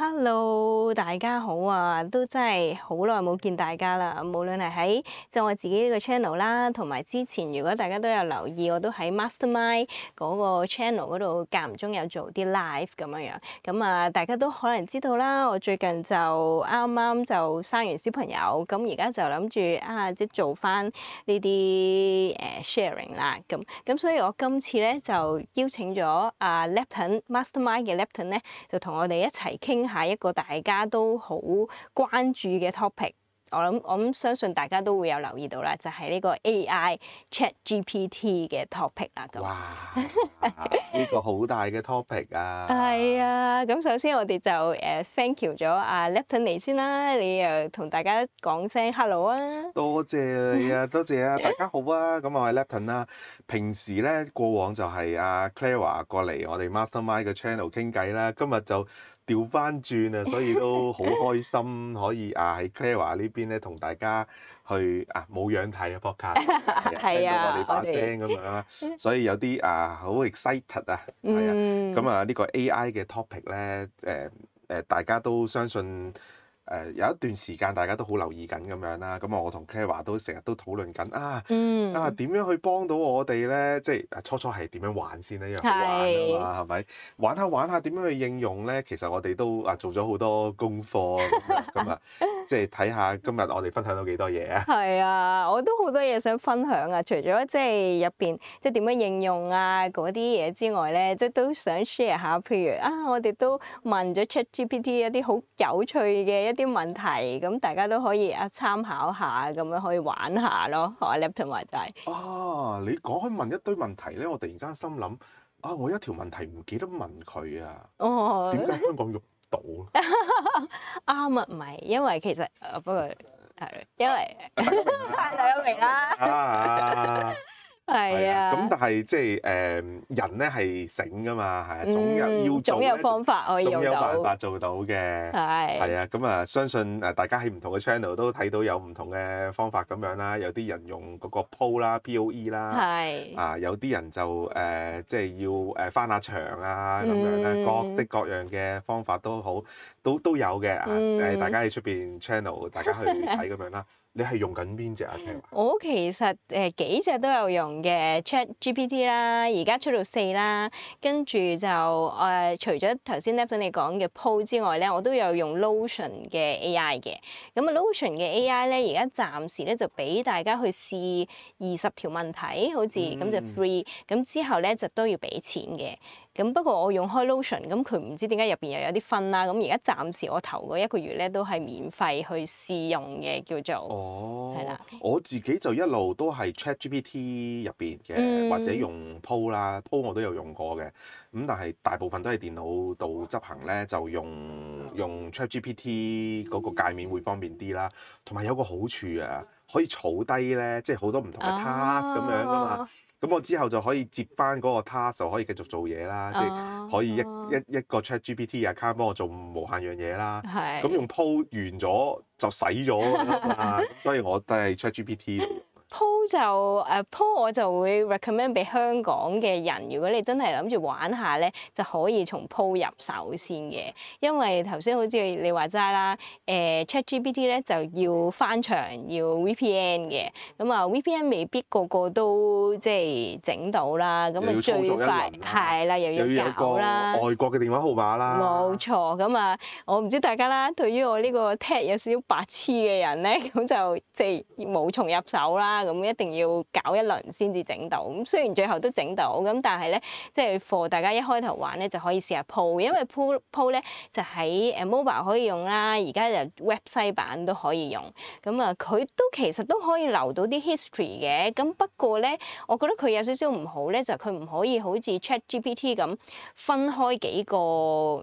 Hello，大家好啊！都真係好耐冇見大家啦。無論係喺即我自己呢個 channel 啦，同埋之前如果大家都有留意，我都喺 Mastermine 個 channel 度間唔中有做啲 live 咁樣樣。咁、嗯、啊，大家都可能知道啦，我最近就啱啱就生完小朋友，咁而家就諗住啊，即係做翻呢啲誒 sharing 啦。咁、嗯、咁、嗯，所以我今次咧就邀請咗啊 Lapton Mastermine 嘅 Lapton 咧，就同我哋一齊傾。下一個大家都好關注嘅 topic，我諗我諗相信大家都會有留意到啦，就係、是、呢個 AI ChatGPT 嘅 topic 啦。哇！呢 個好大嘅 topic 啊！係啊、 哎，咁首先我哋就誒 thank you 咗啊 Lapton 嚟先啦，你又同大家講聲 hello 啊！ 多謝你啊，多謝啊，大家好啊！咁我係 Lapton 啦，啊，平時咧過往就係阿、啊、Clara 過嚟我哋 Mastermine 嘅 channel 傾偈啦，今日就。調翻轉啊，所以都好開心，可以啊喺 Clear 華呢邊咧同大家去啊冇樣睇啊撲卡，聽啊，你把、啊啊啊、聲咁樣，我們 所以有啲啊好 excited 啊，係啊，咁啊呢個 AI 嘅 topic 咧，誒、呃、誒、呃、大家都相信。誒有一段時間大家都好留意緊咁樣啦，咁啊我同 Clara 都成日都討論緊啊、嗯、啊點樣去幫到我哋咧？即係初初係點樣玩先呢？一樣玩啊嘛，係咪是？玩下玩下點樣去應用咧？其實我哋都啊做咗好多功課咁啊， 即係睇下今日我哋分享到幾多嘢啊？係啊，我都好多嘢想分享啊！除咗即係入邊即係點樣應用啊嗰啲嘢之外咧，即、就、係、是、都想 share 下，譬如啊，我哋都問咗 ChatGPT 一啲好有趣嘅一啲問題咁，大家都可以啊參考下，咁樣可以玩下咯。啊，Lapton 同埋大啊，你講開問一堆問題咧，我突然間心諗啊，我一條問題唔記得問佢啊。哦，點解香港喐到？啱啊，唔係因為其實不過係因為兩名啦。係啊，咁但係即係誒人咧係醒㗎嘛，係啊，總有要總有方法，可以做到，總有辦法做到嘅，係係啊，咁啊、嗯嗯、相信誒大家喺唔同嘅 channel 都睇到有唔同嘅方法咁樣啦，有啲人用嗰個鋪啦 PO、e, 的、POE 啦，係啊，有啲人就誒、呃、即係要誒翻下牆啊咁樣咧，嗯、各式各樣嘅方法都好，都都有嘅啊，誒、嗯、大家喺出邊 channel 大家去睇咁樣啦。 你係用緊邊隻啊？我其實誒、呃、幾隻都有用嘅 Chat GPT 啦，而家出到四啦，跟住就誒、呃、除咗頭先 Lapton 你講嘅 Poe 之外咧，我都有用 Notion 嘅 AI 嘅。咁啊 Notion 嘅 AI 咧，而家暫時咧就俾大家去試二十條問題，好似咁就 free，咁、嗯、之後咧就都要俾錢嘅。咁不過我用開 Lotion，咁佢唔知點解入邊又有啲分啦、啊。咁而家暫時我頭嗰一個月咧，都係免費去試用嘅，叫做係啦。哦、的我自己就一路都係 Chat GPT 入邊嘅，或者用 o,、嗯、Po 啦、e、，Po 我都有用過嘅。咁但係大部分都係電腦度執行咧，就用用 Chat GPT 嗰個界面會方便啲啦。同埋有個好處啊，可以儲低咧，即係好多唔同嘅 task 咁樣噶嘛。啊咁我之後就可以接翻嗰個 task，就可以繼續做嘢啦，啊、即係可以一一一個 Chat GPT account 幫我做無限樣嘢啦。咁是用 pull 完咗就使咗啊，所以我都係 Chat GPT 嚟。Poe，就誒，Poe 我就會 recommend 俾香港嘅人，如果你真係諗住玩下咧，就可以從 Poe 入手先嘅。因為頭先好似你話齋啦，誒 ChatGPT 咧就要翻牆要 VPN 嘅，咁啊 VPN 未必個個都即係整到啦，咁啊最快係啦，又要搞啦，個外國嘅電話號碼啦，冇錯。咁啊，我唔知大家啦，對於我個呢個 tech 有少少白痴嘅人咧，咁就即係無從入手啦。咁一定要搞一輪先至整到，咁雖然最後都整到，咁但係咧，即係貨大家一開頭玩咧就可以試下鋪，因為鋪鋪咧就喺誒 Mobile 可以用啦，而家就 website 西版都可以用，咁啊佢都其實都可以留到啲 history 嘅，咁不過咧，我覺得佢有少少唔好咧，就佢、係、唔可以好似 ChatGPT 咁分開幾個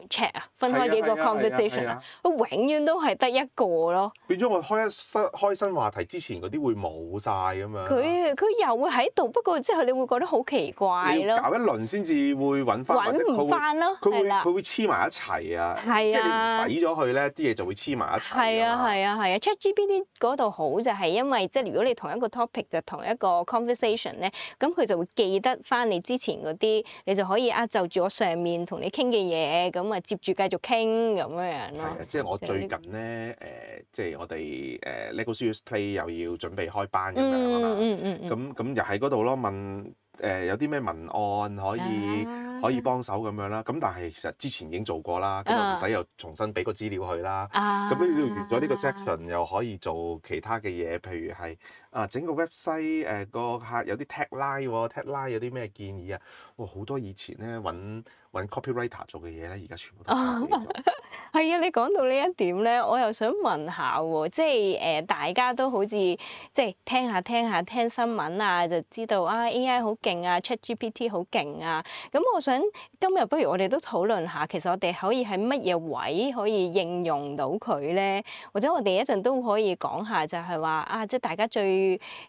chat 啊，分開幾個 conversation 啊，佢、啊啊啊啊、永遠都係得一個咯，變咗我開新開新話題之前嗰啲會冇晒。佢佢又會喺度，不過之後你會覺得好奇怪咯。搞一輪先至會揾翻，揾唔翻咯。佢會佢的會黐埋一齊啊的、就是！即係你唔使咗佢咧，啲嘢就會黐埋一齊。係啊係啊係啊！ChatGPT 嗰度好就係因為即係如果你同一個 topic 就同一個 conversation 咧，咁佢就會記得翻你之前嗰啲，你就可以啊就住我上面同你傾嘅嘢，咁啊接住繼續傾咁樣樣咯。即係我最近咧誒、這個呃，即係我哋誒 Lego Serious Play 又要準備開班樣嗯嗯嗯，咁咁又喺嗰度咯，問誒、呃、有啲咩文案可以、啊、可以幫手咁樣啦，咁但係其實之前已經做過啦，咁就唔使又重新俾個資料佢啦，咁你完咗呢個 section 又可以做其他嘅嘢，譬如係。啊，整個 website 誒個客有啲 tagline，tagline、哦有啲咩建議啊？哇、哦，好多以前咧揾 copywriter 做嘅嘢咧，而家全部都係啊， 你講到呢一點咧，我又想問下喎、哦，即係誒、呃、大家都好似即係聽下聽下聽新聞啊，就知道啊 AI 好勁啊，ChatGPT 好勁啊。咁、啊啊、我想今日不如我哋都討論下，其實我哋可以喺乜嘢位可以應用到佢咧？或者我哋一陣都可以講下就，就係話啊，即係大家最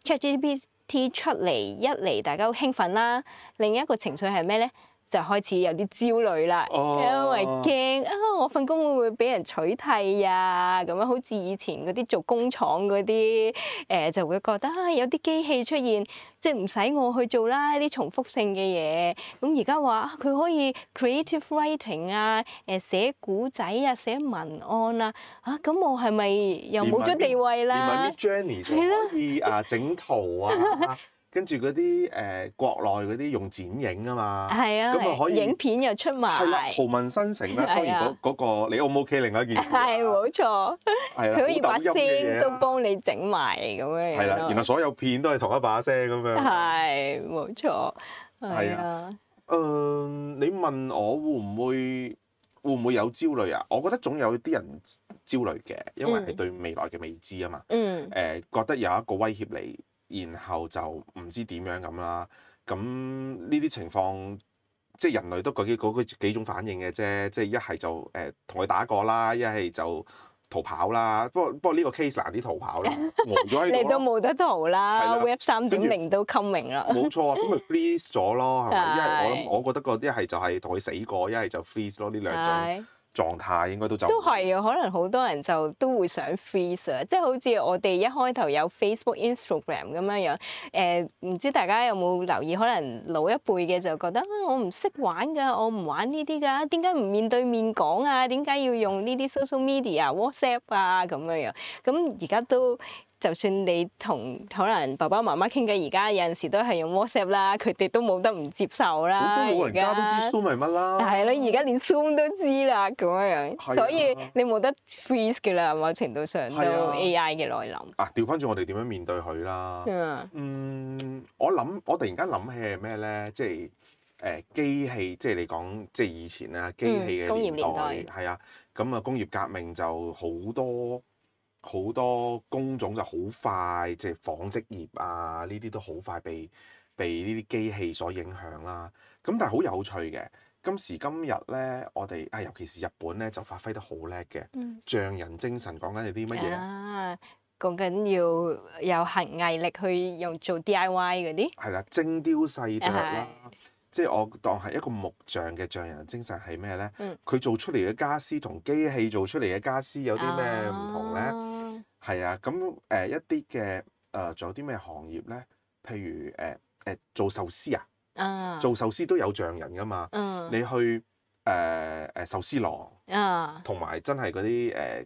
ChatGPT 出嚟一嚟，大家好興奮啦！另一個情緒係咩咧？就開始有啲焦慮啦，哦、因為驚啊，我份工會唔會俾人取替呀、啊？咁樣好似以前嗰啲做工廠嗰啲誒，就會覺得啊，有啲機器出現，即係唔使我去做啦，啲重複性嘅嘢。咁而家話佢可以 creative writing 啊，誒寫故仔啊，寫文案啊，啊咁、啊啊啊、我係咪又冇咗地位啦？係啦，Midjourney，可以啊，整圖啊。 跟住嗰啲誒國內嗰啲用剪影啊嘛，係啊，咁啊可以影片又出埋，係啦，豪文新城啦，當然嗰嗰個你 O 唔 OK 另一件，係冇錯，係啦，佢可以把聲都幫你整埋咁嘅樣，係啦，然後所有片都係同一把聲咁樣，係冇錯，係啊，誒，你問我會唔會會唔會有焦慮啊？我覺得總有啲人焦慮嘅，因為係對未來嘅未知啊嘛，嗯，誒覺得有一個威脅你。然後就唔知點樣咁啦，咁呢啲情況即係人類都嗰幾嗰幾種反應嘅啫，即係一係就誒同佢打過啦，一係就逃跑啦。不過不過呢個 case 難啲逃跑啦，你都冇得逃啦。Web 三點零都 coming 啦，冇錯啊，咁咪 freeze 咗咯，係咪？因為我我覺得嗰一係就係同佢死過，一係就 freeze 咯呢兩種。狀態應該都就，都係啊！可能好多人就都會想 freeze 啊，即係好似我哋一開頭有 Facebook、Instagram 咁樣樣，誒、呃、唔知大家有冇留意？可能老一輩嘅就覺得我唔識玩㗎，我唔玩呢啲㗎，點解唔面對面講啊？點解要用呢啲 social media、WhatsApp 啊咁樣樣？咁而家都。就算你同可能爸爸媽媽傾偈，而家有陣時都係用 WhatsApp 啦，佢哋都冇得唔接受啦。好多老人家都知 Zoom 係乜啦？係咯，而家連 Zoom 都知啦，咁樣樣，所以你冇得 freeze 嘅啦，某程度上都 AI 嘅來臨。啊，調翻轉我哋點樣面對佢啦？嗯，我諗，我突然間諗起係咩咧？即係誒機器，即係你講，即係以前啊，機器嘅工業年代，係啊，咁啊，工業革命就好多。好多工種就好快，即係紡織業啊，呢啲都好快被被呢啲機器所影響啦。咁但係好有趣嘅，今時今日咧，我哋啊，尤其是日本咧，就發揮得好叻嘅。匠、嗯、人精神講緊係啲乜嘢？講緊、啊、要有恆毅力去用做 DIY 嗰啲。係啦，精雕細琢啦。即係我當係一個木匠嘅匠人精神係咩咧？佢做出嚟嘅傢俬同機器做出嚟嘅傢俬有啲咩唔同咧？係啊，啊，咁誒一啲嘅誒仲有啲咩行業咧？譬如誒誒、呃、做壽司啊，啊做壽司都有匠人㗎嘛。嗯、你去誒誒、呃、壽司郎同埋真係嗰啲誒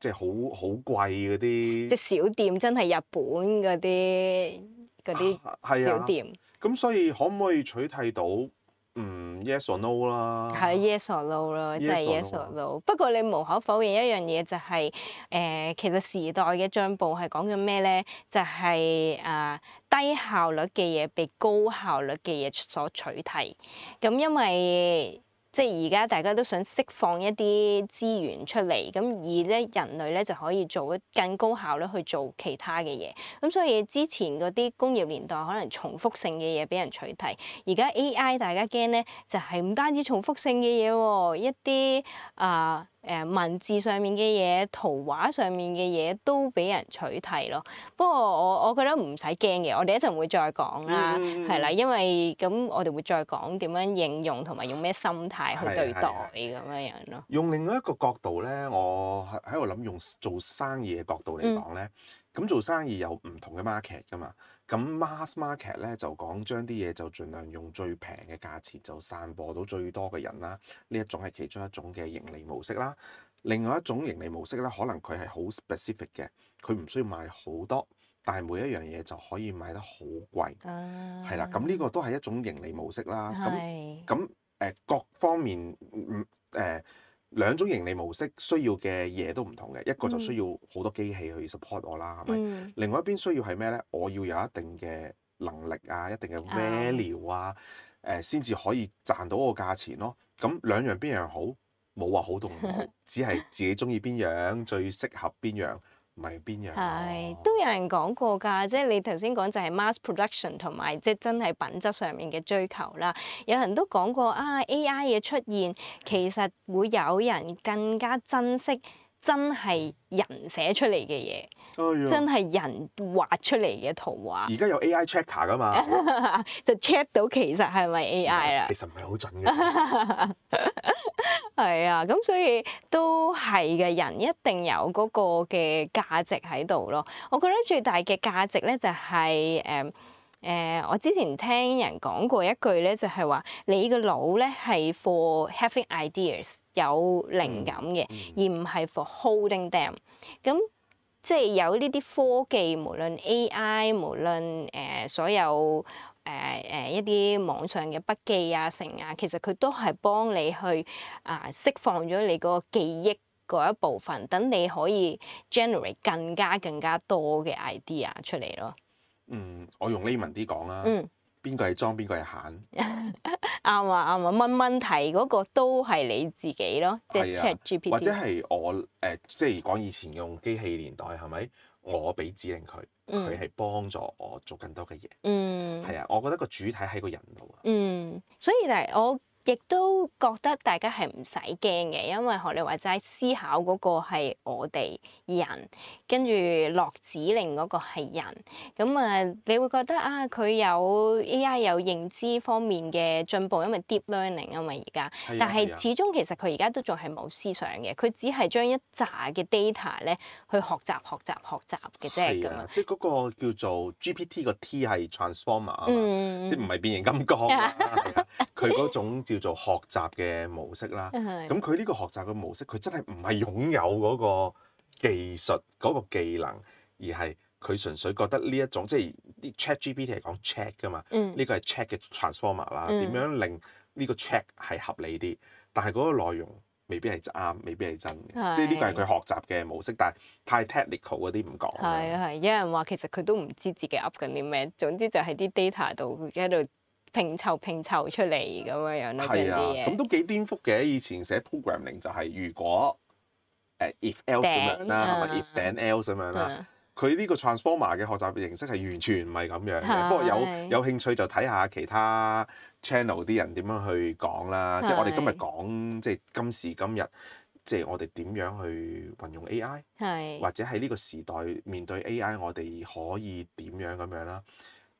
即係好好貴嗰啲，即係小店真係日本嗰啲嗰啲小店。咁所以可唔可以取締到嗯 yes or no 啦？係 yes or no 啦，即係 yes or no。不過你無可否認一樣嘢就係、是、誒、呃，其實時代嘅進步係講緊咩咧？就係、是、誒、呃、低效率嘅嘢被高效率嘅嘢所取締。咁因為即係而家大家都想釋放一啲資源出嚟，咁而咧人類咧就可以做一更高效咧，去做其他嘅嘢。咁所以之前嗰啲工業年代可能重複性嘅嘢俾人取替，而家 AI 大家驚咧就係、係、唔單止重複性嘅嘢喎，一啲啊。呃誒文字上面嘅嘢、圖畫上面嘅嘢都俾人取締咯。不過我我覺得唔使驚嘅，我哋一陣會,會再講啦，係啦、嗯，因為咁我哋會再講點樣應用同埋用咩心態去對待咁樣樣咯。用另外一個角度咧，我喺喺度諗用做生意嘅角度嚟講咧，咁、嗯、做生意有唔同嘅 market 噶嘛。咁 mass market 咧就講將啲嘢就盡量用最平嘅價錢就散播到最多嘅人啦，呢一種係其中一種嘅盈利模式啦。另外一種盈利模式咧，可能佢係好 specific 嘅，佢唔需要買好多，但係每一樣嘢就可以買得好貴，係啦、啊。咁呢個都係一種盈利模式啦。咁咁誒各方面唔、呃呃兩種盈利模式需要嘅嘢都唔同嘅，一個就需要好多機器去 support 我啦，係咪、嗯？另外一邊需要係咩咧？我要有一定嘅能力啊，一定嘅 value 啊，誒、啊，先至、呃、可以賺到個價錢咯。咁兩樣邊樣好？冇話好同唔好，只係自己中意邊樣 最適合邊樣。唔係邊樣？係都有人講過㗎，即係你頭先講就係 mass production 同埋即係真係品質上面嘅追求啦。有人都講過啊，AI 嘅出現其實會有人更加珍惜真係人寫出嚟嘅嘢。真係人畫出嚟嘅圖畫。而家有 AI checker 噶嘛， 就 check 到其實係咪 AI 啦？其實唔係好準嘅。係 啊，咁所以都係嘅，人一定有嗰個嘅價值喺度咯。我覺得最大嘅價值咧、就係，就係誒誒，我之前聽人講過一句咧，就係話你個腦咧係 for having ideas 有靈感嘅，嗯、而唔係 for holding them。咁、嗯即係有呢啲科技，無論 AI，無論誒、呃、所有誒誒、呃呃、一啲網上嘅筆記啊、成啊，其實佢都係幫你去啊、呃、釋放咗你嗰個記憶嗰一部分，等你可以 generate 更加更加多嘅 idea 出嚟咯。嗯，我用 layman 啲講啦。嗯邊個係裝，邊個係閒？啱 啊啱啊，啊，問問題嗰個都係你自己咯，即係 check 或者係我誒、呃，即係講以前用機器年代係咪？我俾指令佢，佢係幫助我做更多嘅嘢。嗯，係啊，我覺得個主體喺個人度啊。嗯，所以但係我。亦都覺得大家係唔使驚嘅，因為學你話齋，思考個係我哋人，跟住落指令個係人，咁啊你會覺得啊佢有 AI 有認知方面嘅進步，因為 deep learning 啊嘛，而家，但係始終其實佢而家都仲係冇思想嘅，佢只係將一紮嘅 data 咧，去學習學習學習嘅啫，咁樣、啊、即係個叫做 GPT 個 T 係 transformer 啊嘛、嗯，即係唔係變形金剛啊，佢、 啊、種叫。做學習嘅模式啦，咁佢呢個學習嘅模式，佢真係唔係擁有嗰個技術嗰個技能，而係佢純粹覺得呢一種，即係啲 ChatGPT 係講 Chat 噶嘛，呢、嗯、個係 Chat 嘅 transformer 啦、嗯，點樣令呢個 Chat 係合理啲，但係嗰個內容未必係啱，未必係真嘅，的即係呢個係佢學習嘅模式，但係太 technical 嗰啲唔講。係啊係，有人話其實佢都唔知自己噏緊啲咩，總之就係啲 data 度喺度。拼湊拼湊出嚟咁樣樣咯，嗰啲嘢咁都幾顛覆嘅。以前寫 programming 就係如果誒 if else 咁樣啦，同埋 if then else 咁樣啦。佢呢個 transformer 嘅學習形式係完全唔係咁樣嘅。不過有有興趣就睇下其他 channel 啲人點樣去講啦。即係我哋今日講即係今時今日，即係我哋點樣去運用 AI，或者喺呢個時代面對 AI，我哋可以點樣咁樣啦。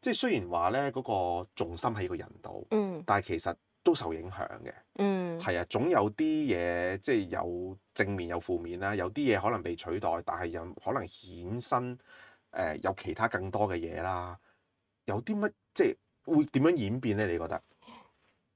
即係雖然話咧，嗰個重心喺個人度，嗯、但係其實都受影響嘅，係、嗯、啊，總有啲嘢即係有正面有負面啦，有啲嘢可能被取代，但係又可能衍生誒、呃、有其他更多嘅嘢啦，有啲乜即係會點樣演變咧？你覺得？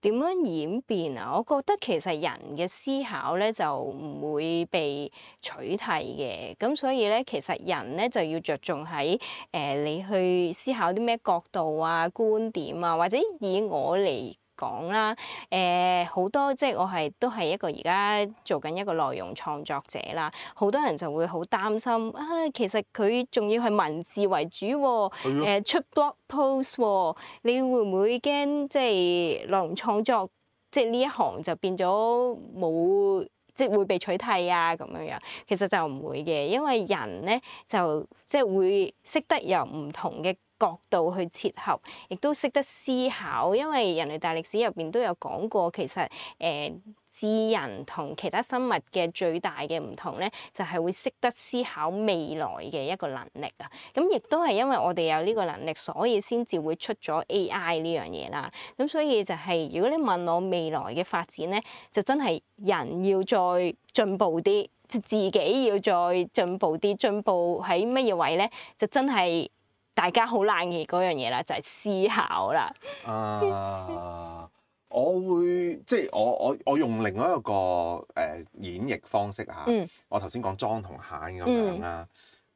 點樣演變啊？我覺得其實人嘅思考咧就唔會被取替嘅，咁所以咧其實人咧就要着重喺誒、呃、你去思考啲咩角度啊、觀點啊，或者以我嚟講啦，誒好多即係我係都係一個而家做緊一個內容創作者啦。好多人就會好擔心啊，其實佢仲要係文字為主，誒、 啊、出 blog post、啊、你會唔會驚即係內容創作即係呢一行就變咗冇即係會被取替啊咁樣樣？其實就唔會嘅，因為人呢就即係會識得由唔同嘅。角度去切合，亦都識得思考，因為人類大歷史入邊都有講過，其實誒、呃、智人同其他生物嘅最大嘅唔同咧，就係、是、會識得思考未來嘅一個能力啊。咁、嗯、亦都係因為我哋有呢個能力，所以先至會出咗 AI 呢樣嘢啦。咁、嗯、所以就係、是、如果你問我未來嘅發展咧，就真係人要再進步啲，即自己要再進步啲，進步喺乜嘢位咧？就真係。大家好冷嘅嗰樣嘢啦，就係、是、思考啦。 啊，我會即係我我我用另外一個誒演繹方式嚇。嗯、我頭先講莊同閂咁樣啦。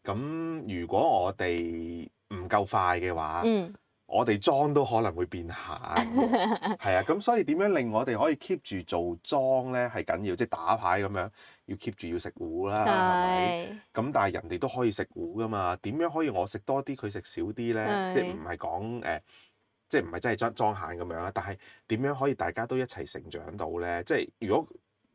咁、嗯、如果我哋唔夠快嘅話。嗯我哋莊都可能會變閒，係 啊，咁所以點樣令我哋可以 keep 住做莊咧係緊要，即係打牌咁樣要 keep 住要食糊啦，係咪？ 但係人哋都可以食糊噶嘛，點樣可以我食多啲佢食少啲咧、 呃？即係唔係講誒，即係唔係真係莊莊閒咁樣啊？但係點樣可以大家都一齊成長到咧？即係如果。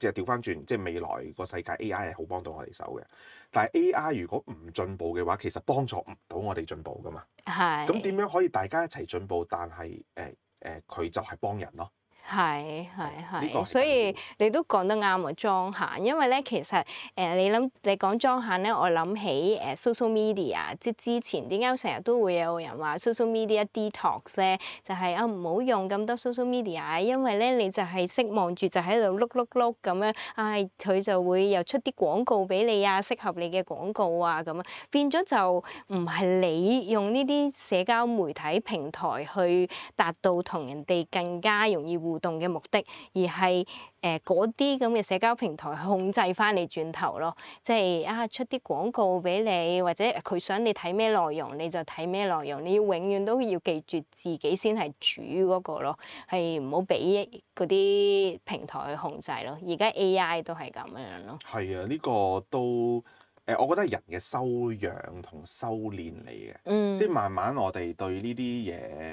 就係調返轉，即係未來個世界 AI 係好幫到我哋手嘅。但係 AI 如果唔進步嘅話，其實幫助唔到我哋進步㗎嘛。係是。咁點樣可以大家一齊進步？但係誒誒，佢、欸欸、就係幫人咯。係係係，所以你都講得啱啊，裝閒。因為咧，其實誒、呃，你諗你講裝閒咧，我諗起誒 social media，即之前點解成日都會有人話 social media 一 detox 咧，就係、是、啊唔好用咁多 social media，因為咧你就係識望住就喺度碌碌碌咁樣，唉、哎，佢就會又出啲廣告俾你啊，適合你嘅廣告啊咁樣，變咗就唔係你用呢啲社交媒體平台去達到同人哋更加容易互動嘅目的，而係誒嗰啲咁嘅社交平台控制翻你轉頭咯，即係啊出啲廣告俾你，或者佢想你睇咩內容你就睇咩內容，你要永遠都要記住自己先係主嗰個咯，係唔好俾嗰啲平台去控制咯。而家 AI 都係咁樣樣咯，係啊，呢個都誒，我覺得係人嘅修養同修煉嚟嘅，嗯，即係慢慢我哋對呢啲嘢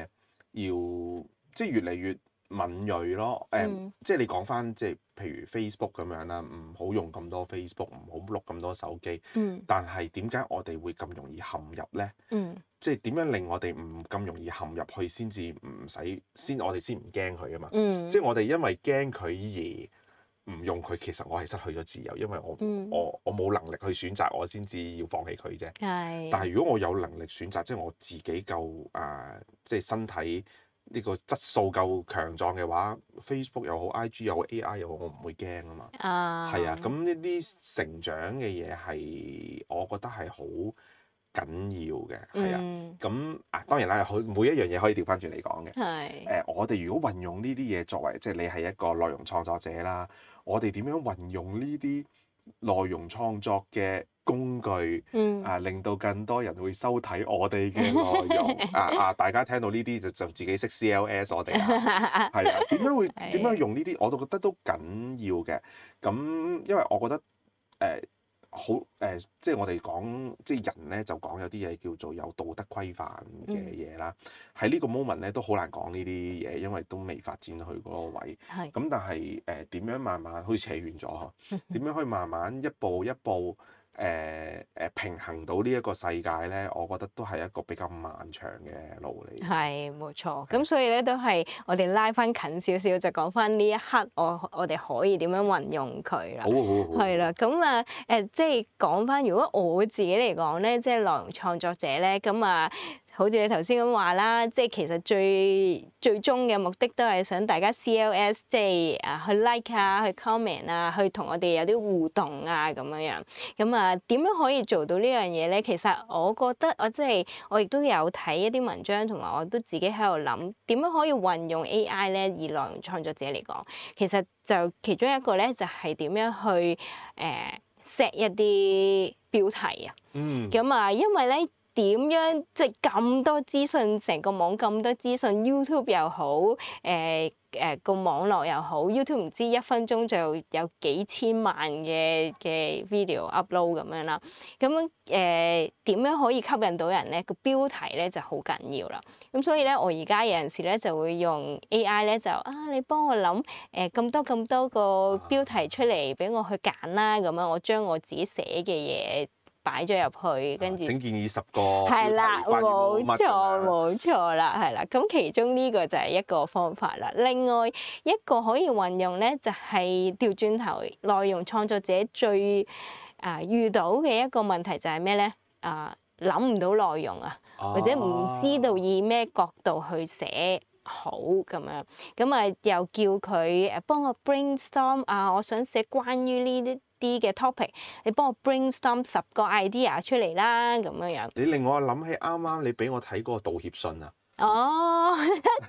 要即係越嚟越。敏銳咯，誒、嗯，即係你講翻，即係譬如 Facebook 咁樣啦，唔好用咁多 Facebook，唔好碌咁多手機。嗯、但係點解我哋會咁容易陷入呢？嗯、即係點樣令我哋唔咁容易陷入去先至唔使先，我哋先唔驚佢啊嘛？嗯、即係我哋因為驚佢而唔用佢，其實我係失去咗自由，因為我、嗯、我我冇能力去選擇，我先至要放棄佢啫。的但係如果我有能力選擇，即係我自己夠誒、呃，即係身體。呢個質素夠強壯嘅話，Facebook 又好，IG 又好，AI 又好，我唔會驚、uh、啊嘛、uh 啊。啊，係啊，咁呢啲成長嘅嘢係我覺得係好緊要嘅，係啊，咁啊當然啦，好每一樣嘢可以調翻轉嚟講嘅，係誒、uh 呃，我哋如果運用呢啲嘢作為即係、就是、你係一個內容創作者啦，我哋點樣運用呢啲內容創作嘅？工具啊，令到更多人會收睇我哋嘅內容 啊啊！大家聽到呢啲就就自己識 CLS 我哋啊，係啊，點樣會點樣是用呢啲？我都覺得都緊要嘅。咁因為我覺得誒、呃、好誒、呃，即係我哋講即係人咧，就講有啲嘢叫做有道德規範嘅嘢啦。喺、嗯、呢個 moment 咧都好難講呢啲嘢，因為都未發展去嗰個位。咁是，但係誒點樣慢慢好似扯遠咗？點樣可以慢慢一步，一步一步？誒誒、呃呃、平衡到呢一個世界咧，我覺得都係一個比較漫長嘅路嚟。係，冇錯。係。咁所以咧，都係我哋拉翻近少少，就講翻呢一刻，我我哋可以點樣運用佢啦？好，好，好，好，好，好。係啦，咁啊，誒、呃，即係講翻，如果我自己嚟講咧，即係內容創作者咧，咁啊。好似你頭先咁話啦，即係其實最最終嘅目的都係想大家 CLS 即係啊去 like 啊，去 comment 啊，去同我哋有啲互動啊咁樣。咁啊，點樣可以做到呢樣嘢咧？其實我覺得我即係我亦都有睇一啲文章，同埋我都自己喺度諗點樣可以運用 AI 咧，而內容創作者嚟講，其實就其中一個咧就係點樣去呃 set 一啲標題啊。嗯。咁啊，因為咧。點樣即係咁多資訊，成個網咁多資訊，YouTube 又好，誒誒個網絡又好，YouTube 唔知一分鐘就有幾千萬嘅嘅 video upload 咁樣啦。咁誒點樣可以吸引到人咧？個標題咧就好緊要啦。咁所以咧，我而家有陣時咧就會用 AI 咧就啊，你幫我諗誒咁多咁多個標題出嚟俾我去揀啦。咁樣我將我自己寫嘅嘢，擺咗入去，跟住請建議十個。係啦了，冇錯，冇樣錯啦，係啦。咁其中呢個就係一個方法啦。另外一個可以運用咧，就係調轉頭，內容創作者最啊、呃、遇到嘅一個問題就係咩咧？啊、呃，諗唔到內容啊，或者唔知道以咩角度去寫好咁、啊、樣。咁啊，又叫佢誒幫我 brainstorm 啊，我想寫關於呢啲。啲嘅 topic，你幫我 brainstorm 十個 idea 出嚟啦，咁樣樣。你令我諗起啱啱你俾我睇嗰個道歉信啊！哦，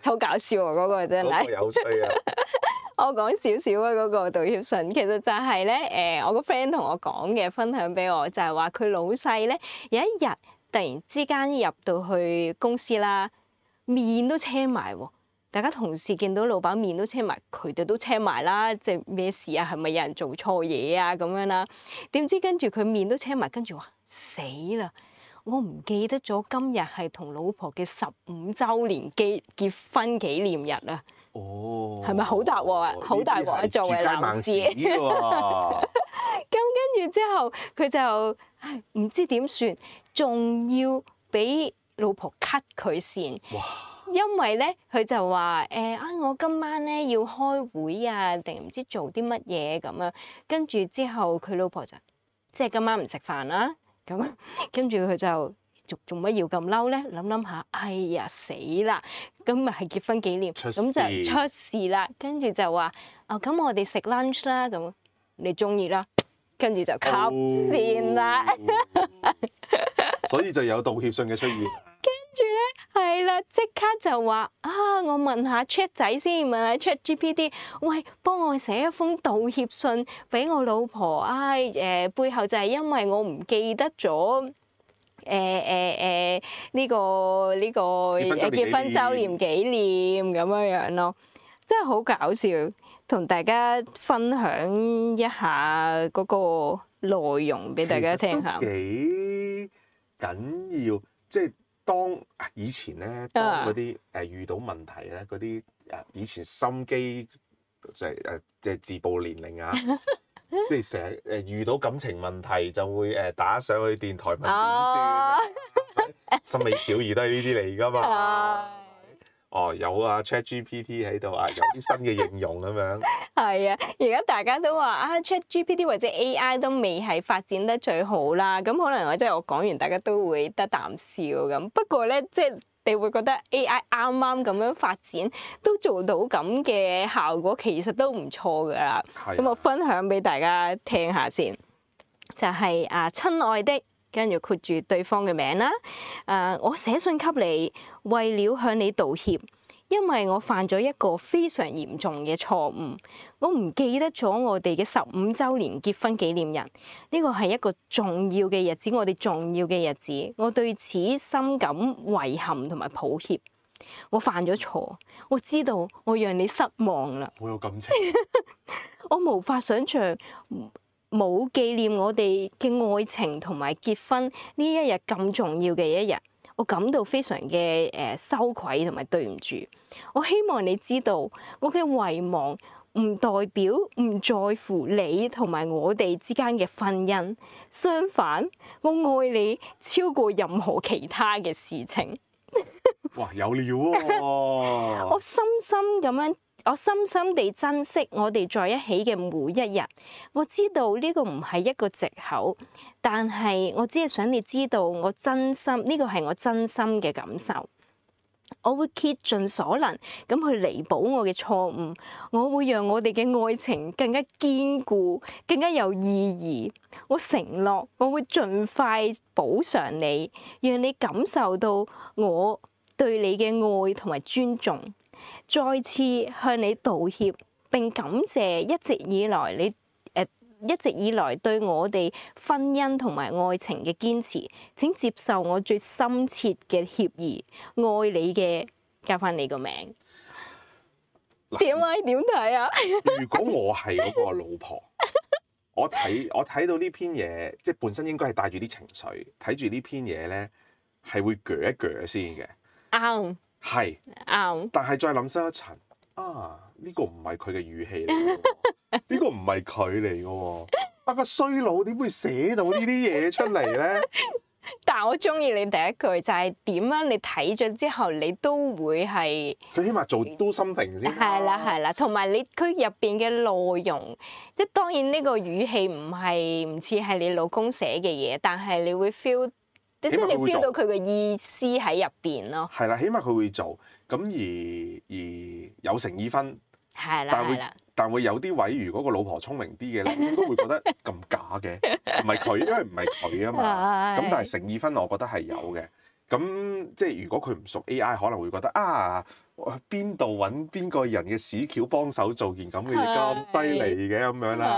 好搞笑啊，嗰個真係， 有趣啊！ 我講少少啊，嗰個道歉信，其實就係咧誒，我個 friend 同我講嘅分享俾我，就係話佢老細咧有一日突然之間入到去公司啦，面都青埋喎。大家同事見到老闆面都青埋，佢哋都青埋啦，即係咩事啊？係咪有人做錯嘢啊？咁樣啦，點知跟住佢面都青埋，跟住話死啦！我唔記得咗今日係同老婆嘅十五週年結結婚紀念日啊！哦，係咪好大鑊啊？好大鑊啊！做嘅鬧事，咁跟住之後佢就唔知點算，仲要俾老婆 cut 佢線。哇因為咧，佢就話誒啊，我今晚咧要開會啊，定唔知做啲乜嘢咁啊。跟住之後，佢老婆就即係今晚唔食飯啦。咁跟住佢就做做乜要咁嬲咧？諗諗下，哎呀死啦！今日係結婚紀念，咁事就出事啦。跟住就話啊，咁、哦、我哋食 lunch 啦。咁你中意啦。跟住就 cut 線啦、哦。所以就有道歉信嘅出現。 係啦，即刻就話啊！我問下 Chat 仔先，問下 Chat GPT 喂，幫我寫一封道歉信俾我老婆。唉、哎，誒、呃，背後就係因為我唔記得咗，誒誒誒，呢、呃這個呢、這個結婚周年紀念咁樣樣咯，真係好搞笑，同大家分享一下嗰個內容俾大家聽下。幾緊要？即係。當以前咧，當嗰啲誒遇到問題咧，嗰啲誒以前心機就係誒即係自暴年齡啊， 即係成日誒遇到感情問題就會誒、呃、打上去電台問點算啊， 心理小兒都係呢啲嚟噶嘛。 哦，有啊，Chat GPT 喺度啊，有啲新嘅應用咁樣。係啊，而家大家都話啊，Chat GPT 或者 AI 都未係發展得最好啦。咁可能我即係我講完，大家都會得啖笑咁。不過咧，即係你會覺得 AI 啱啱咁樣發展都做到咁嘅效果，其實都唔錯㗎啦。咁我分享俾大家聽下先，就係啊，親愛的，跟住括住對方嘅名啦。誒，我寫信給你。為了向你道歉，因為我犯咗一個非常嚴重嘅錯誤。我唔記得咗我哋嘅十五周年結婚紀念日。呢個係一個重要嘅日子，我哋重要嘅日子，我對此深感遺憾同埋抱歉。我犯咗錯，我知道我讓你失望啦。好有感情， 我無法想象冇紀念我哋嘅愛情同埋結婚呢一日咁重要嘅一日。我感到非常嘅誒羞愧同埋對唔住，我希望你知道我嘅遺忘唔代表唔在乎你同埋我哋之間嘅婚姻，相反，我愛你超過任何其他嘅事情。 哇，有料喎啊！ 我深深咁樣。我深深地珍惜我哋在一起嘅每一日。我知道呢個唔係一個借口，但係我只係想你知道我真心，呢個係我真心嘅感受。我會竭盡所能咁去彌補我嘅錯誤，我會讓我哋嘅愛情更加堅固、更加有意義。我承諾我會盡快補償你，讓你感受到我對你嘅愛同埋尊重。再次向你道歉，並感謝一直以來你誒、呃、一直以來對我哋婚姻同埋愛情嘅堅持。請接受我最深切嘅歉意，愛你嘅，加翻你個名。點睇？點睇啊？如果我係嗰個老婆， 我睇我睇到呢篇嘢，即係本身應該係帶住啲情緒睇住呢篇嘢咧，係會鋸一鋸先嘅。啱、嗯。係，啱。但係再諗深一層，啊，呢個唔係佢嘅語氣嚟，呢個唔係佢嚟嘅喎。啊個衰佬點會寫到呢啲嘢出嚟咧？但係我中意你第一句就係點樣？你睇咗之後，你都會係佢起碼做都心定先。係啦係啦，同埋你佢入邊嘅內容，即係當然呢個語氣唔係唔似係你老公寫嘅嘢，但係你會 feel。即係你飄到佢嘅意思喺入邊咯。係啦，起碼佢會做。咁而而有誠意分係啦，但會有啲位，如果個老婆聰明啲嘅咧，都會覺得咁 假嘅。唔係佢，因為唔係佢啊嘛。咁 但係誠意分，我覺得係有嘅。咁即係如果佢唔熟 AI，可能會覺得啊，邊度揾邊個人嘅屎橋幫手做件咁嘅嘢咁犀利嘅咁樣啦，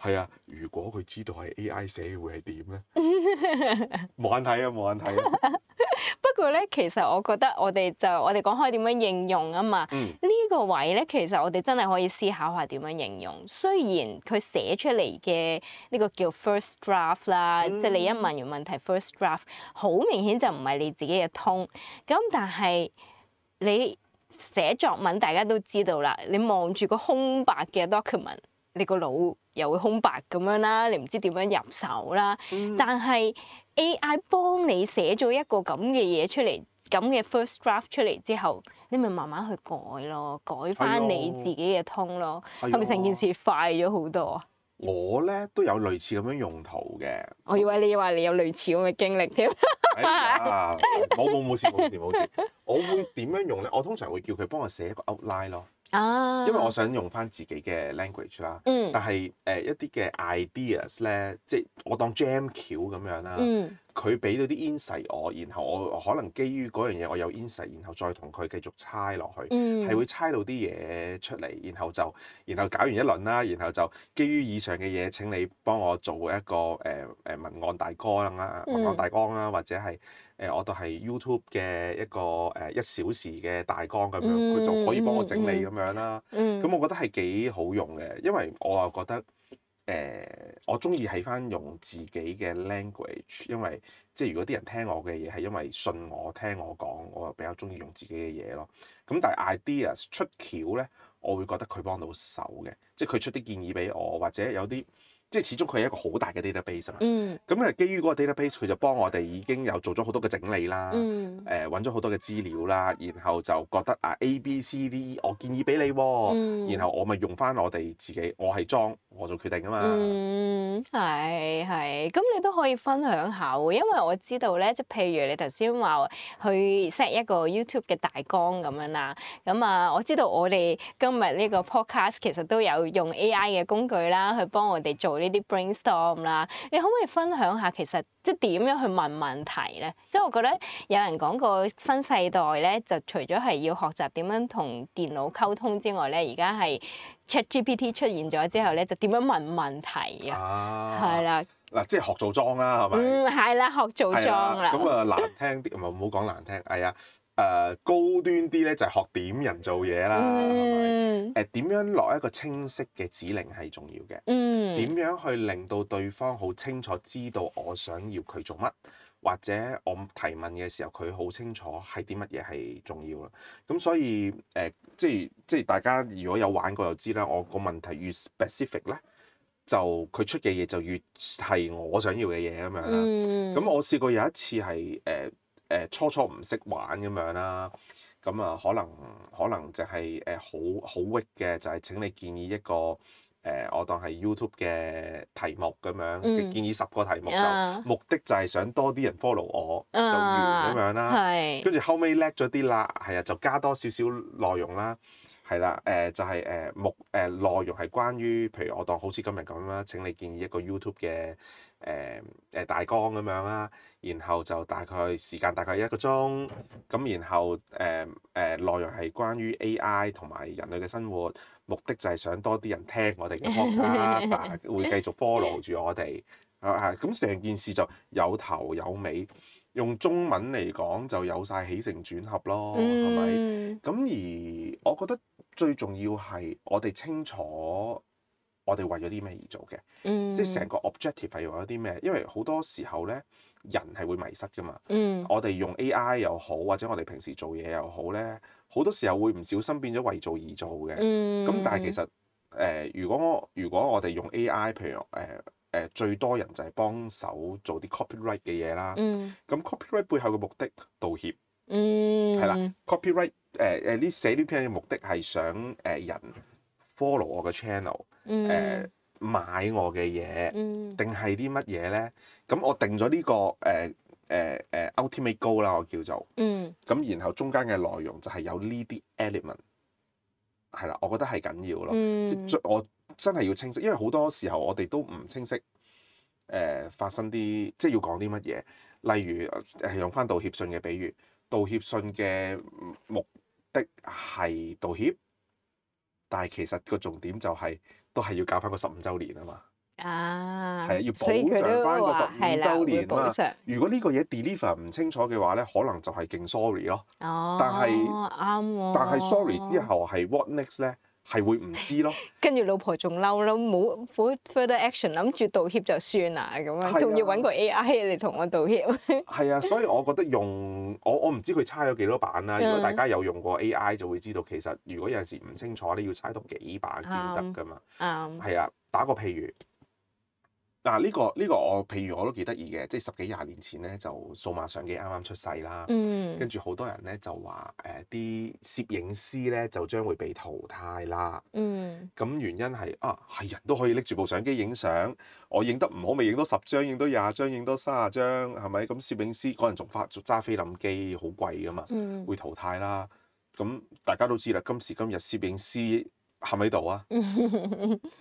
係啊。如果佢知道係 AI 社會係點咧，冇眼睇啊，冇眼睇啊。 不過咧，其實我覺得我哋就我哋講開點樣應用啊嘛。呢、嗯、個位咧，其實我哋真係可以思考下點樣應用。雖然佢寫出嚟嘅呢個叫 first draft 啦，即係、嗯、你一問完問題 first draft，好明顯就唔係你自己嘅 tone。咁但係你寫作文，大家都知道啦。你望住個空白嘅 document，你個腦又會空白咁樣啦，你唔知點樣入手啦。嗯、但係，AI 幫你寫咗一個咁嘅嘢出嚟，咁嘅 first draft 出嚟之後，你咪慢慢去改咯，改翻你自己嘅 tone 咯，係咪成件事快咗好多？我咧都有類似咁樣用途嘅。我以為你話你有類似咁嘅經歷添。冇冇冇事冇事冇事，我會點樣用咧？我通常會叫佢幫我寫一個 outline 咯。因為我想用翻自己嘅 language 啦、嗯，但係誒、呃、一啲嘅 ideas 咧，即係我當 jam 橋咁樣啦，佢俾到、嗯、啲 insight 我，然後我可能基於嗰樣嘢我有 insight，然後再同佢繼續猜落去，係、嗯、會猜到啲嘢出嚟，然後就然後搞完一輪啦，然後就基於以上嘅嘢，請你幫我做一個誒誒文案大綱啦，文案大綱啦，或者係。誒，我都係 YouTube 嘅一個誒、呃、一小時嘅大綱咁樣，佢就可以幫我整理咁樣啦。咁、嗯嗯、我覺得係幾好用嘅，因為我又覺得誒、呃，我中意喺翻用自己嘅 language，因為即係如果啲人聽我嘅嘢係因為信我聽我講，我又比較中意用自己嘅嘢咯。咁但係 ideas 出橋咧，我會覺得佢幫到手嘅，即係佢出啲建議俾我，或者有啲。即係始終佢係一個好大嘅 database 啊、嗯！咁誒，基於嗰個 database，佢就幫我哋已經有做咗好多嘅整理啦。誒、嗯，揾咗好多嘅資料啦，然後就覺得啊，A、B、C、D，我建議俾你喎。嗯、然後我咪用翻我哋自己，我係裝，我做決定啊嘛。嗯，係係。咁你都可以分享下，因為我知道咧，即係譬如你頭先話去 set 一個 YouTube 嘅大綱咁樣啦。咁啊，我知道我哋今日呢個 podcast 其實都有用 AI 嘅工具啦，去幫我哋做。一啲 brainstorm 啦，bra orm, 你可唔可以分享下其實即係點樣去問問題咧？即係我覺得有人講過新世代咧，就除咗係要學習點樣同電腦溝通之外咧，而家係 ChatGPT 出現咗之後咧，就點樣問問題啊？係啦的，嗱，即係學做裝啦，係咪？嗯，係啦，學做裝啦。咁啊，嗰個、難聽啲，唔好講難聽。係啊。誒、呃、高端啲咧就係學點人做嘢啦，係咪、嗯？誒點、呃、樣落一個清晰嘅指令係重要嘅，點、嗯、樣去令到對方好清楚知道我想要佢做乜，或者我提問嘅時候佢好清楚係啲乜嘢係重要啦。咁所以誒、呃，即係即係大家如果有玩過就知啦。我個問題越 specific 咧，就佢出嘅嘢就越係我想要嘅嘢咁樣啦。咁、嗯、我試過有一次係誒。呃誒、呃、初初唔識玩咁樣啦，咁啊可能可能就係誒好好 work 嘅，就係、是、請你建議一個誒、呃、我當係 YouTube 嘅題目咁樣，嗯、建議十個題目、啊、目的就係想多啲人 follow 我，啊、就完咁樣啦。跟住是後尾叻咗啲啦，係啊，就加多少少內容啦，係啦、啊，誒、呃、就係誒目誒內容係關於，譬如我當好似今日咁樣啦，請你建議一個 YouTube 嘅 you。誒誒、uh, 大綱咁樣啦，然後就大概時間大概一個鐘，咁然後誒誒、uh, uh, 內容係關於 AI 同埋人類嘅生活，目的就係想多啲人聽我哋嘅方法，n t e 會繼續 follow 住我哋啊啊！咁成、 uh, 件事就有頭有尾，用中文嚟講就有晒起承轉合咯，係咪、嗯？咁而我覺得最重要係我哋清楚。我哋為咗啲咩而做嘅？嗯、即係成個 objective 係為咗啲咩？因為好多時候咧，人係會迷失㗎嘛。嗯、我哋用 AI 又好，或者我哋平時做嘢又好咧，好多時候會唔小心變咗為做而做嘅。咁、嗯、但係其實誒、呃，如果我如果我哋用 AI，譬如誒誒、呃呃、最多人就係幫手做啲 copyright 嘅嘢啦。咁、嗯、copyright 背後嘅目的道歉係啦。嗯、copyright 誒、呃、誒呢寫呢篇嘅目的係想誒人。Follow 我嘅 channel，誒、uh, mm. 買我嘅嘢，mm. 定係啲乜嘢咧？咁我定咗呢、這個誒誒誒 Ultimate Goal 啦，我叫做，咁、mm. 然後中間嘅內容就係有呢啲 element，係啦，我覺得係緊要咯，mm. 即我真係要清晰，因為好多時候我哋都唔清晰，誒、uh, 發生啲即係要講啲乜嘢，例如誒用返道歉信嘅比喻，道歉信嘅目的係道歉。但係其實個重點就係、是、都係要搞翻個十五週年啊嘛，啊係啊要補償翻個十五週年啦。如果呢個嘢 deliver 唔清楚嘅話咧，可能就係勁 sorry 咯。哦，但係但係 sorry 之後係 what next 咧？係會唔知咯，跟住老婆仲嬲咯，冇冇 further action，諗住道歉就算啦咁樣，仲要揾個 AI 嚟同我道歉。係 啊，所以我覺得用我我唔知佢猜咗幾多版啦，啊。如果大家有用過 AI，就會知道其實如果有陣時唔清楚你要猜到幾版先得噶嘛。啱，係啊，打個譬如。嗱呢、啊呢個呢、呢個我譬如我都幾得意嘅，即係十幾廿年前咧就數碼相機啱啱出世啦，跟住好多人咧就話誒啲攝影師咧就將會被淘汰啦。咁、嗯、原因係啊係人都可以拎住部相機影相，我影得唔好咪影多十張、影多廿張、影多三十張係咪？咁攝影師嗰陣仲花揸菲林機好貴㗎嘛，會淘汰啦。咁、嗯、大家都知啦，今時今日攝影師喺喺度啊！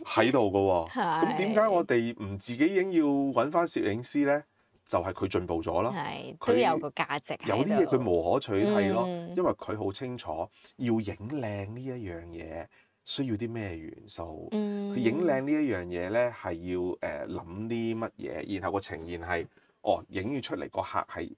喺度㗎喎，咁點解我哋唔自己影要揾翻攝影師咧？就係、是、佢進步咗啦，佢是他 有個價值。有啲嘢佢無可取替咯、嗯，因為佢好清楚要影靚呢一樣嘢需要啲咩元素。佢影靚呢一樣嘢咧，係要誒諗啲乜嘢，然後個呈現係哦影完出嚟個客係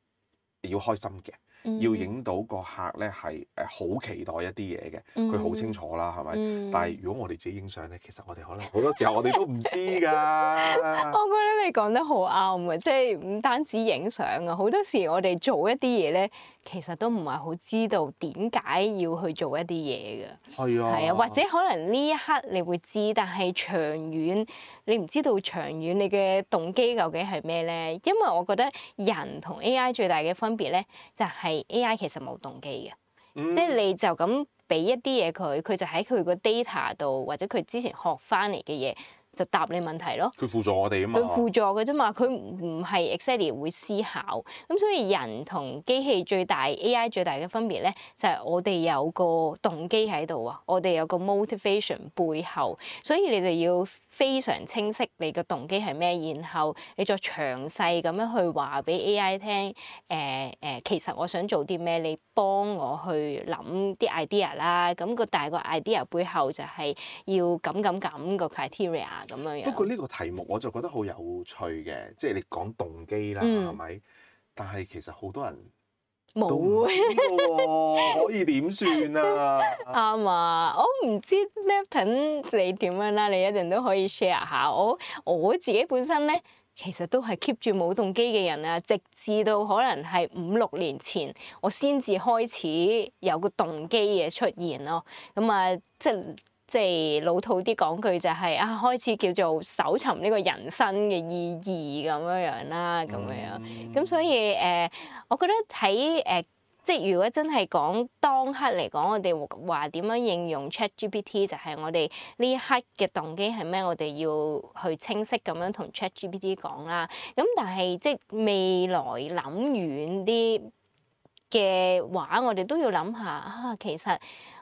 要開心嘅。要影到個客咧係誒好期待一啲嘢嘅，佢好清楚啦，係咪？嗯、但係如果我哋自己影相咧，其實我哋可能好多時候我哋都唔知噶， 我覺得你講得好啱嘅，即係唔單止影相啊，好多時我哋做一啲嘢咧，其實都唔係好知道點解要去做一啲嘢嘅，係啊，係啊，或者可能呢一刻你會知，但係長遠你唔知道長遠你嘅動機究竟係咩咧？因為我覺得人同 AI 最大嘅分別咧，就係、是。A.I. 其實冇動機嘅，嗯、即係你就咁俾一啲嘢佢，佢就喺佢個 data 度或者佢之前學翻嚟嘅嘢，就答你問題咯。佢輔助我哋啊嘛。佢輔助嘅啫嘛，佢唔係 exactly 會思考。咁所以人同機器最大 A.I. 最大嘅分別咧，就係、是、我哋有個動機喺度啊，我哋有個 motivation 背後，所以你就要。非常清晰你嘅動機係咩，然後你再詳細咁樣去話俾 AI 聽，誒、呃、誒、呃，其實我想做啲咩，你幫我去諗啲 idea 啦，咁個大個 idea 背後就係要咁咁咁個 criteria 咁樣樣。不過呢個題目我就覺得好有趣嘅，即係你講動機啦，係咪、嗯？但係其實好多人。冇 可以點算啊？啱啊、嗯，我唔知 Lapton 你點樣啦，你一陣都可以 share 下我，我自己本身咧，其實都係 keep 住冇動機嘅人啊，直至到可能係五六年前，我先至開始有個動機嘅出現咯。咁啊，即係。即係老套啲講句就係、是、啊，開始叫做搜尋呢個人生嘅意義咁樣樣啦，咁樣樣。咁、mm. 所以誒、呃，我覺得喺誒、呃，即係如果真係講當刻嚟講，我哋話點樣應用 ChatGPT 就係我哋呢刻嘅動機係咩，我哋要去清晰咁樣同 ChatGPT 講啦。咁但係即係未來諗遠啲嘅話，我哋都要諗下啊，其實。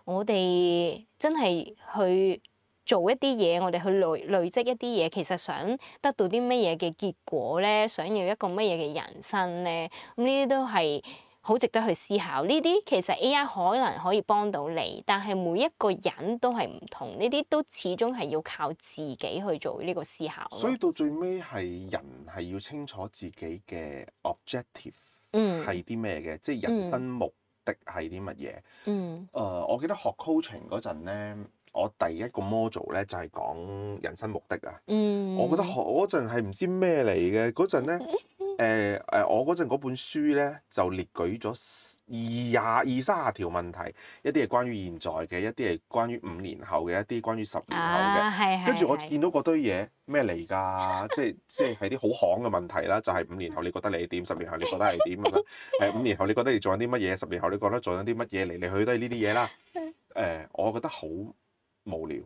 我哋真係去做一啲嘢，我哋去累累積一啲嘢，其實想得到啲乜嘢嘅結果咧？想要一個乜嘢嘅人生咧？咁呢啲都係好值得去思考。呢啲其實 AI 可能可以幫到你，但係每一個人都係唔同，呢啲都始終係要靠自己去做呢個思考。所以到最尾係人係要清楚自己嘅 objective 係啲咩嘅，嗯，即係人生目。的係啲乜嘢？嗯，誒，uh, 我記得學 coaching 嗰陣咧，我第一個 module 咧就係講人生目的啊。嗯，我覺得學嗰陣係唔知咩嚟嘅，嗰陣咧，誒誒，我嗰陣嗰本書咧就列舉咗。二廿二三十條問題，一啲係關於現在嘅，一啲係關於五年後嘅，一啲關於十年後嘅。跟住、啊、我見到嗰堆嘢咩嚟㗎？ 即係即係係啲好巷嘅問題啦。就係、是、五年後你覺得你點？十年後你覺得係點？誒五五年後你覺得你做緊啲乜嘢？十 年後你覺得做緊啲乜嘢？嚟嚟去都係呢啲嘢啦。誒、呃，我覺得好無聊。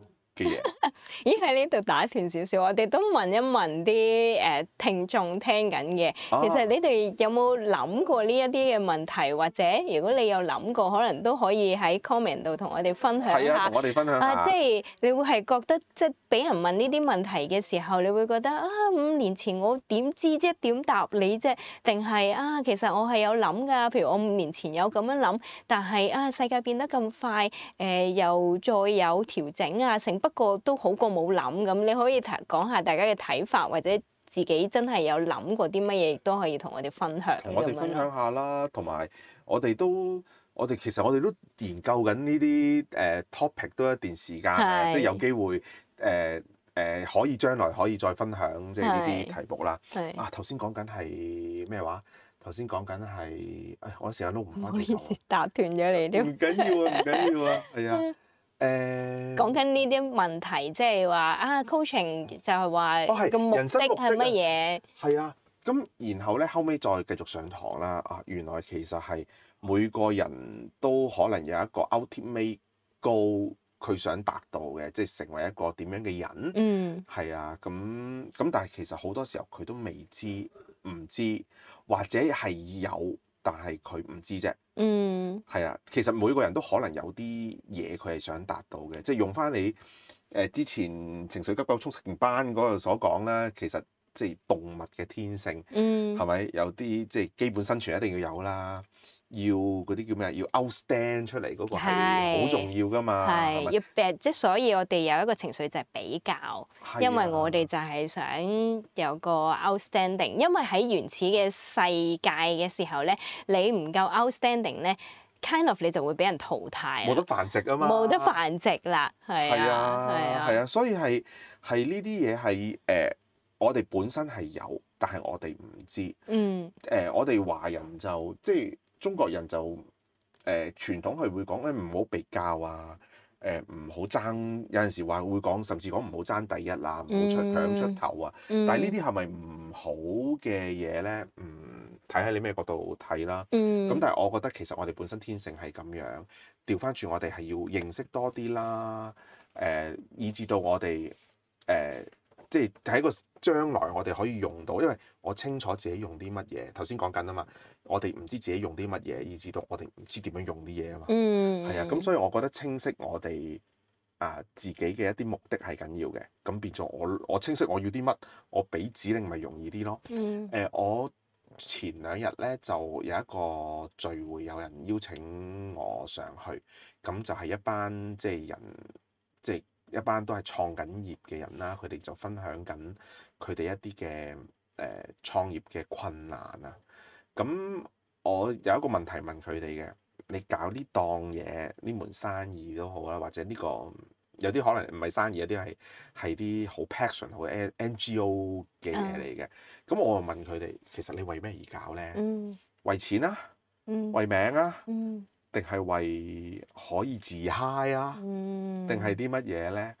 咦，喺呢度打斷少少，我哋都問一問啲誒聽眾聽緊嘅。其實你哋有冇諗過呢一啲嘅問題？或者如果你有諗過，可能都可以喺 comment 度同我哋分享一下。係啊，同我哋分享一下。啊，即係你會係覺得即係俾人問呢啲問題嘅時候，你會覺得啊，五年前我點知即係點答你啫？定係啊，其實我係有諗㗎。譬如我五年前有咁樣諗，但係啊，世界變得咁快，誒、呃，又再有調整啊，成不過都好過冇諗咁，你可以講下大家嘅睇法，或者自己真係有諗過啲乜嘢，亦都可以同我哋分享。同我哋分享下啦，同埋我哋都，我哋其實我哋都研究緊呢啲誒 topic 都一段時間，是即係有機會誒誒、呃呃、可以將來可以再分享即係呢啲題目啦。啊，頭先講緊係咩話？頭先講緊係，我時間都唔翻嚟講，打斷咗你都唔緊要啊，唔緊要啊，係啊。 誒、嗯、講緊呢啲問題，即係話啊，coaching 就係話個目的係乜嘢？係啊，咁、啊、然後咧後尾再繼續上堂啦。啊，原來其實係每個人都可能有一個 ultimate goal，佢想達到嘅，即、就、係、是、成為一個點樣嘅人。嗯，係啊，咁咁但係其實好多時候佢都未知唔知，或者係有，但係佢唔知啫。嗯，係啊，其實每個人都可能有啲嘢佢係想達到嘅，即係用翻你誒、呃、之前情緒急救速成班嗰度所講啦，其實即係動物嘅天性，係咪、嗯、有啲即係基本生存一定要有啦。要嗰啲叫咩啊？要 outstanding 出嚟嗰個係好重要噶嘛？係是要即係，所以我哋有一個情緒就係比較，啊、因為我哋就係想有個 outstanding。因為喺原始嘅世界嘅時候咧，你唔夠 outstanding 咧，kind of 你就會俾人淘汰，冇得繁殖啊嘛，冇得繁殖啦，係啊，係啊，啊，啊，所以係，係呢啲嘢係誒，我哋本身係有，但係我哋唔知，嗯誒、呃，我哋華人就即係。中國人就誒、呃、傳統係會講咧，唔好比較啊，誒唔好爭，有陣時話會講，甚至講唔好爭第一啊，唔好出搶出頭啊。嗯、但係呢啲係咪唔好嘅嘢咧？唔睇喺你咩角度睇啦。咁、嗯、但係我覺得其實我哋本身天性係咁樣，調翻轉我哋係要認識多啲啦，誒、呃、以至到我哋誒。呃即係喺個將來，我哋可以用到，因為我清楚自己用啲乜嘢。頭先講緊啊嘛，我哋唔知自己用啲乜嘢，以至到我哋唔知點樣用啲嘢啊嘛。嗯。係啊，咁所以我覺得清晰我哋啊自己嘅一啲目的係緊要嘅。咁變咗我我清晰我要啲乜，我俾指令咪容易啲咯。嗯。呃，我前兩日咧就有一個聚會，有人邀請我上去，咁就係一班即係人即係。一班都係創緊業嘅人啦，佢哋就分享緊佢哋一啲嘅誒創業嘅困難啊。咁我有一個問題問佢哋嘅，你搞呢檔嘢，呢門生意都好啦，或者呢個有啲可能唔係生意，有啲係係啲好 passion、好 NGO 嘅嘢嚟嘅。咁我問佢哋，其實你為咩而搞咧？嗯、為錢啊？嗯、為名啊？嗯定係為可以自 high 啊？定係啲乜嘢咧？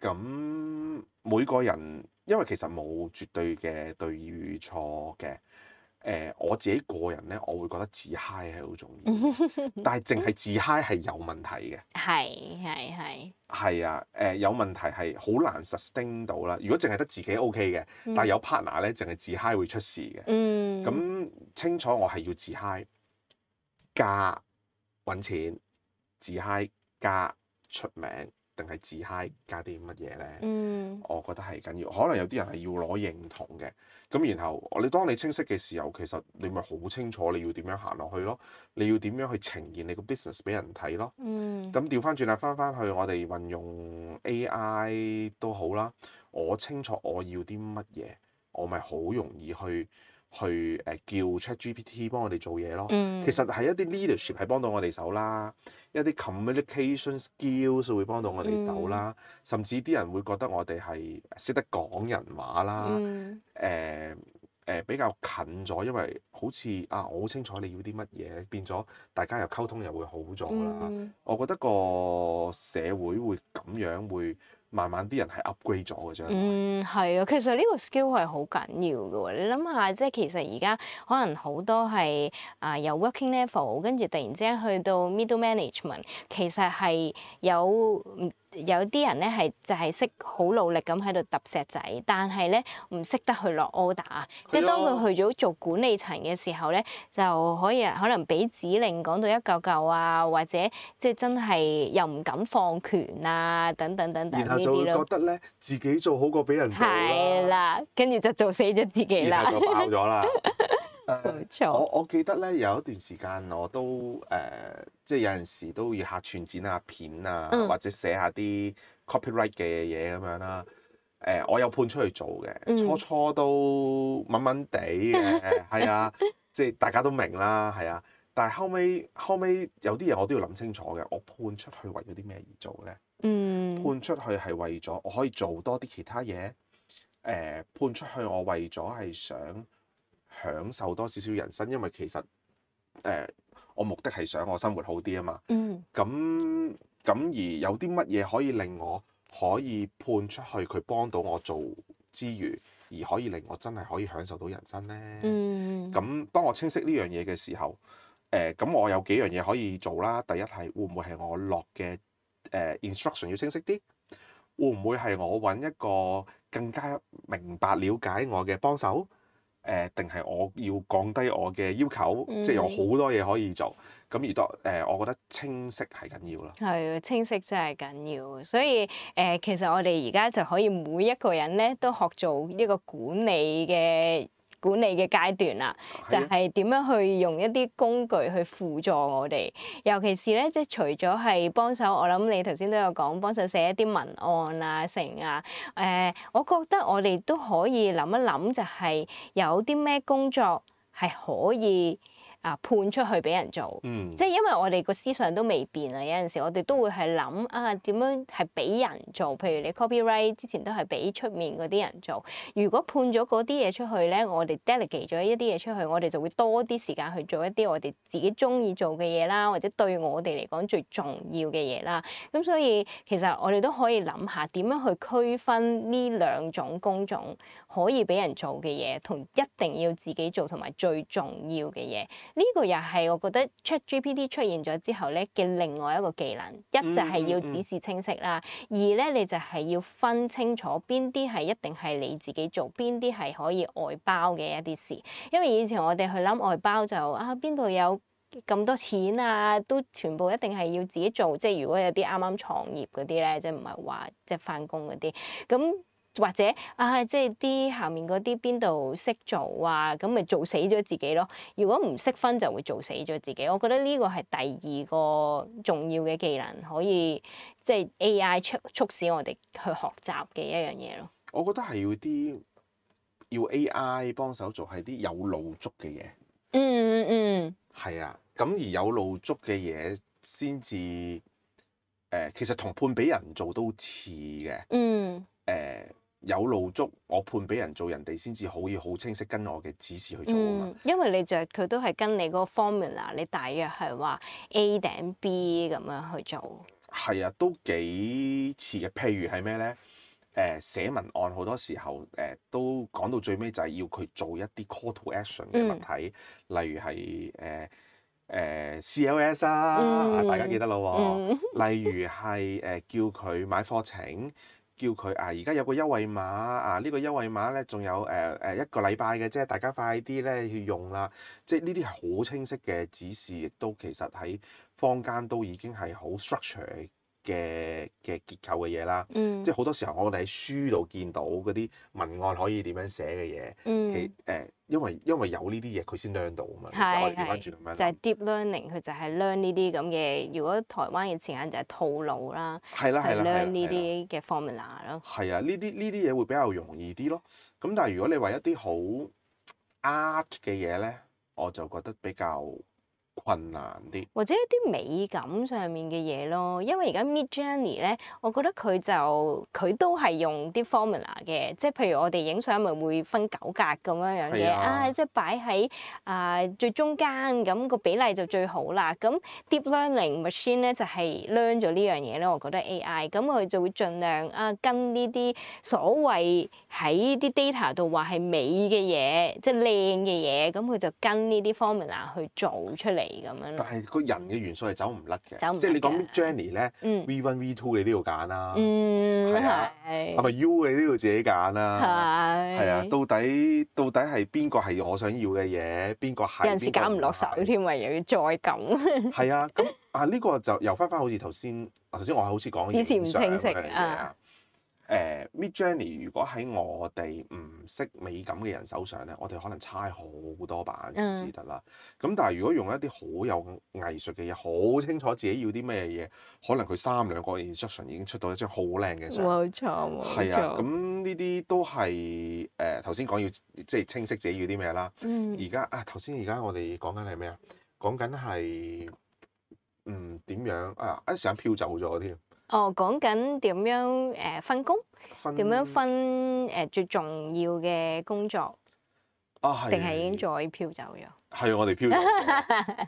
咁每個人，因為其實冇絕對嘅對與錯嘅。誒、呃，我自己個人咧，我會覺得自 high 係好重要， 但係淨係自 high 係有問題嘅。係係係。係啊，誒、呃、有問題係好難 sustain 到啦。如果淨係得自己 O K 嘅，但係有 partner 咧，淨係自 high 會出事嘅。嗯。咁清楚我係要自 high 架。揾錢、自嗨加出名，定係自嗨加啲乜嘢咧？嗯，我覺得係緊要，可能有啲人係要攞認同嘅。咁然後你當你清晰嘅時候，其實你咪好清楚你要點樣行落去咯。你要點樣去呈現你個 business 俾人睇咯。咁調翻轉啦，翻翻去我哋運用 AI 都好啦。我清楚我要啲乜嘢，我咪好容易去。去誒叫 ChatGPT 幫我哋做嘢咯，其實係一啲 leadership 係幫到我哋手啦，一啲 communication skills 會幫到我哋手啦，嗯、甚至啲人會覺得我哋係識得講人話啦，誒誒、嗯呃呃、比較近咗，因為好似啊我好清楚你要啲乜嘢，變咗大家又溝通又會好咗啦，嗯、我覺得個社會會咁樣會。慢慢啲人係 upgrade 咗㗎啫。嗯，係啊，其實呢個 skill 係好緊要㗎喎。你諗下，即係其實而家可能好多係啊由 working level 跟住突然之間去到 middle management，其實係有有啲人咧係就係識好努力咁喺度揼石仔，但係咧唔識得去落 order 啊！的即係當佢去咗做管理層嘅時候咧，就可以可能俾指令講到一嚿嚿啊，或者即係真係又唔敢放權啊，等等等等呢啲咯。然後就會覺得咧，自己做好過俾人做啦。係啦，跟住就做死咗自己啦。然後就爆咗啦。 嗯、我我記得咧有一段時間我都誒、呃，即係有陣時都要客串剪下，展下片啊，嗯、或者寫下啲 copyright 嘅嘢咁樣啦、啊。誒、呃，我有判出去做嘅，初初都揾揾地嘅，係、嗯、啊，即係大家都明啦，係啊。但係後尾，後尾有啲嘢我都要諗清楚嘅，我判出去為咗啲咩而做咧？嗯，判出去係為咗我可以做多啲其他嘢。誒、呃，判出去我為咗係想。享受多少少人生，因為其實，誒、呃，我目的係想我生活好啲啊嘛。嗯。咁咁而有啲乜嘢可以令我可以判出去佢幫到我做之餘，而可以令我真係可以享受到人生咧。嗯。咁當我清晰呢樣嘢嘅時候，誒、呃，咁我有幾樣嘢可以做啦。第一係會唔會係我落嘅誒 instruction 要清晰啲？會唔會係我揾一個更加明白了解我嘅幫手？誒，定係我要降低我嘅要求，即係有好多嘢可以做，咁而當誒，我覺得清晰係緊要咯。係清晰真係緊要，所以誒、呃，其實我哋而家就可以每一個人咧都學做一個管理嘅。管理嘅階段啦，就係點樣去用一啲工具去輔助我哋，尤其是咧，即係除咗係幫手，我諗你頭先都有講幫手寫一啲文案啊，成啊，誒，我覺得我哋都可以諗一諗，就係有啲咩工作係可以。啊判出去俾人做，嗯、即係因為我哋個思想都未變都啊！有陣時我哋都會係諗啊點樣係俾人做？譬如你 copyright 之前都係俾出面嗰啲人做。如果判咗嗰啲嘢出去咧，我哋 delegate 咗一啲嘢出去，我哋就會多啲時間去做一啲我哋自己中意做嘅嘢啦，或者對我哋嚟講最重要嘅嘢啦。咁所以其實我哋都可以諗下點樣去區分呢兩種工種，可以俾人做嘅嘢，同一定要自己做同埋最重要嘅嘢。呢個又係我覺得 ChatGPT 出現咗之後咧嘅另外一個技能，一就係要指示清晰啦，二咧、嗯嗯嗯、你就係要分清楚邊啲係一定係你自己做，邊啲係可以外包嘅一啲事。因為以前我哋去諗外包就啊，邊度有咁多錢啊，都全部一定係要自己做。即係如果有啲啱啱創業嗰啲咧，即係唔係話即係返工嗰啲咁。或者啊，即係啲下面嗰啲邊度識做啊，咁咪做死咗自己咯。如果唔識分，就會做死咗自己。我覺得呢個係第二個重要嘅技能，可以即係、就是、A.I. 促促使我哋去學習嘅一樣嘢咯。我覺得係要啲要 A.I. 幫手做係啲有路捉嘅嘢。嗯嗯嗯。係啊，咁而有路捉嘅嘢先至誒，其實同判俾人做都似嘅。嗯。誒、呃。有路足，我判俾人做，人哋先至可以好清晰跟我嘅指示去做啊嘛，嗯。因為你就佢都係跟你個 formula，你大約係話 A 頂 B 咁樣去做。係啊，都幾似嘅。譬如係咩咧？誒，寫文案好多時候誒、呃、都講到最尾就係要佢做一啲 call to action 嘅物體，嗯、例如係誒誒、呃呃、CLS 啊，嗯、大家記得咯，嗯嗯、例如係誒、呃、叫佢買課程。叫佢啊！而家有個優惠碼啊，呢個優惠碼咧，仲有誒誒一個禮拜嘅啫，大家快啲咧去用啦！即係呢啲係好清晰嘅指示，亦都其實喺坊間都已經係好 structure。嘅嘅結構嘅嘢啦，嗯、即係好多時候我哋喺書度見到嗰啲文案可以點樣寫嘅嘢，其誒因為因為有呢啲嘢佢先 learn 到啊嘛，即係圍繞住咁樣就係 deep learning，佢就係 learn 呢啲咁嘅。如果台灣嘅前眼就係套路啦，係啦係啦，learn 呢啲嘅 formula 咯。係啊，呢啲呢啲嘢會比較容易啲咯。咁但係如果你話一啲好 art 嘅嘢咧，我就覺得比較困難啲，或者一啲美感上面嘅嘢咯。因為而家 MidJourney 咧，我覺得佢就佢都係用啲 formula 嘅，即係譬如我哋影相咪會分九格咁樣樣嘅呀啊，即係擺喺啊最中間咁，那個比例就最好啦。咁 Deep Learning Machine 咧就係、是、learn 咗呢樣嘢咯，我覺得 AI 咁佢就會盡量啊跟呢啲所謂喺啲 data 度話係美嘅嘢，即係靚嘅嘢，咁佢就跟呢啲 formula 去做出嚟。咁樣，但係個人嘅元素係走唔甩嘅，不即係你講 Jenny 咧、嗯、V One、V Two 你都要揀啦，係啊，係咪 You 你都要自己揀啦、啊，係是，係啊，到底到底係邊個係我想要嘅嘢，邊個係？有陣時揀唔落手添啊，又要再揼。係 啊，咁啊呢個就由翻翻好似頭先，頭先我係好似講嘅嘢咁樣嘅嘢。的誒 Mid Journey 如果喺我哋唔識美感嘅人手上咧，我哋可能差好多版先至得啦。咁、嗯、但係如果用一啲好有藝術嘅嘢，好清楚自己要啲咩嘢，可能佢三兩個 instruction 已經出到一張好靚嘅相。冇錯，冇錯，係啊，咁呢啲都係誒頭先講要即係清晰自己要啲咩啦。而家、嗯、啊，頭先而家我哋講緊係咩啊？講緊係嗯點樣啊？一時間飄走咗添。哦，講緊點樣誒、呃、分工，點樣分誒、呃、最重要嘅工作啊？定係已經再飄走咗？係我哋飄走，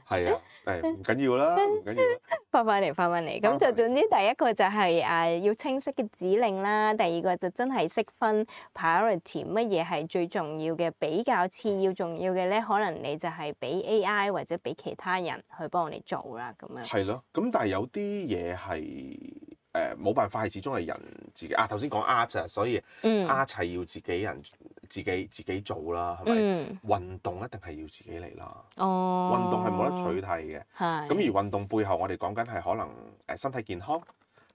係 啊，哎、係唔緊要啦，唔緊要啦，翻返嚟，翻返嚟。咁麼來就總之第一個就係、是、誒、啊、要清晰嘅指令啦，第二個就真係識分 priority，乜嘢係最重要嘅，比較次要重要嘅咧，可能你就係俾 AI 或者俾其他人去幫我哋做啦咁樣。係咯，咁但係有啲嘢係。誒冇、呃、辦法係始終係人自己，啊頭先講 R 咋，art, 所以 R 係要自己人自己、嗯、自己做啦，係咪？嗯、運動一定係要自己嚟啦，哦、運動係冇得取替嘅。咁是而運動背後，我哋講緊係可能誒身體健康，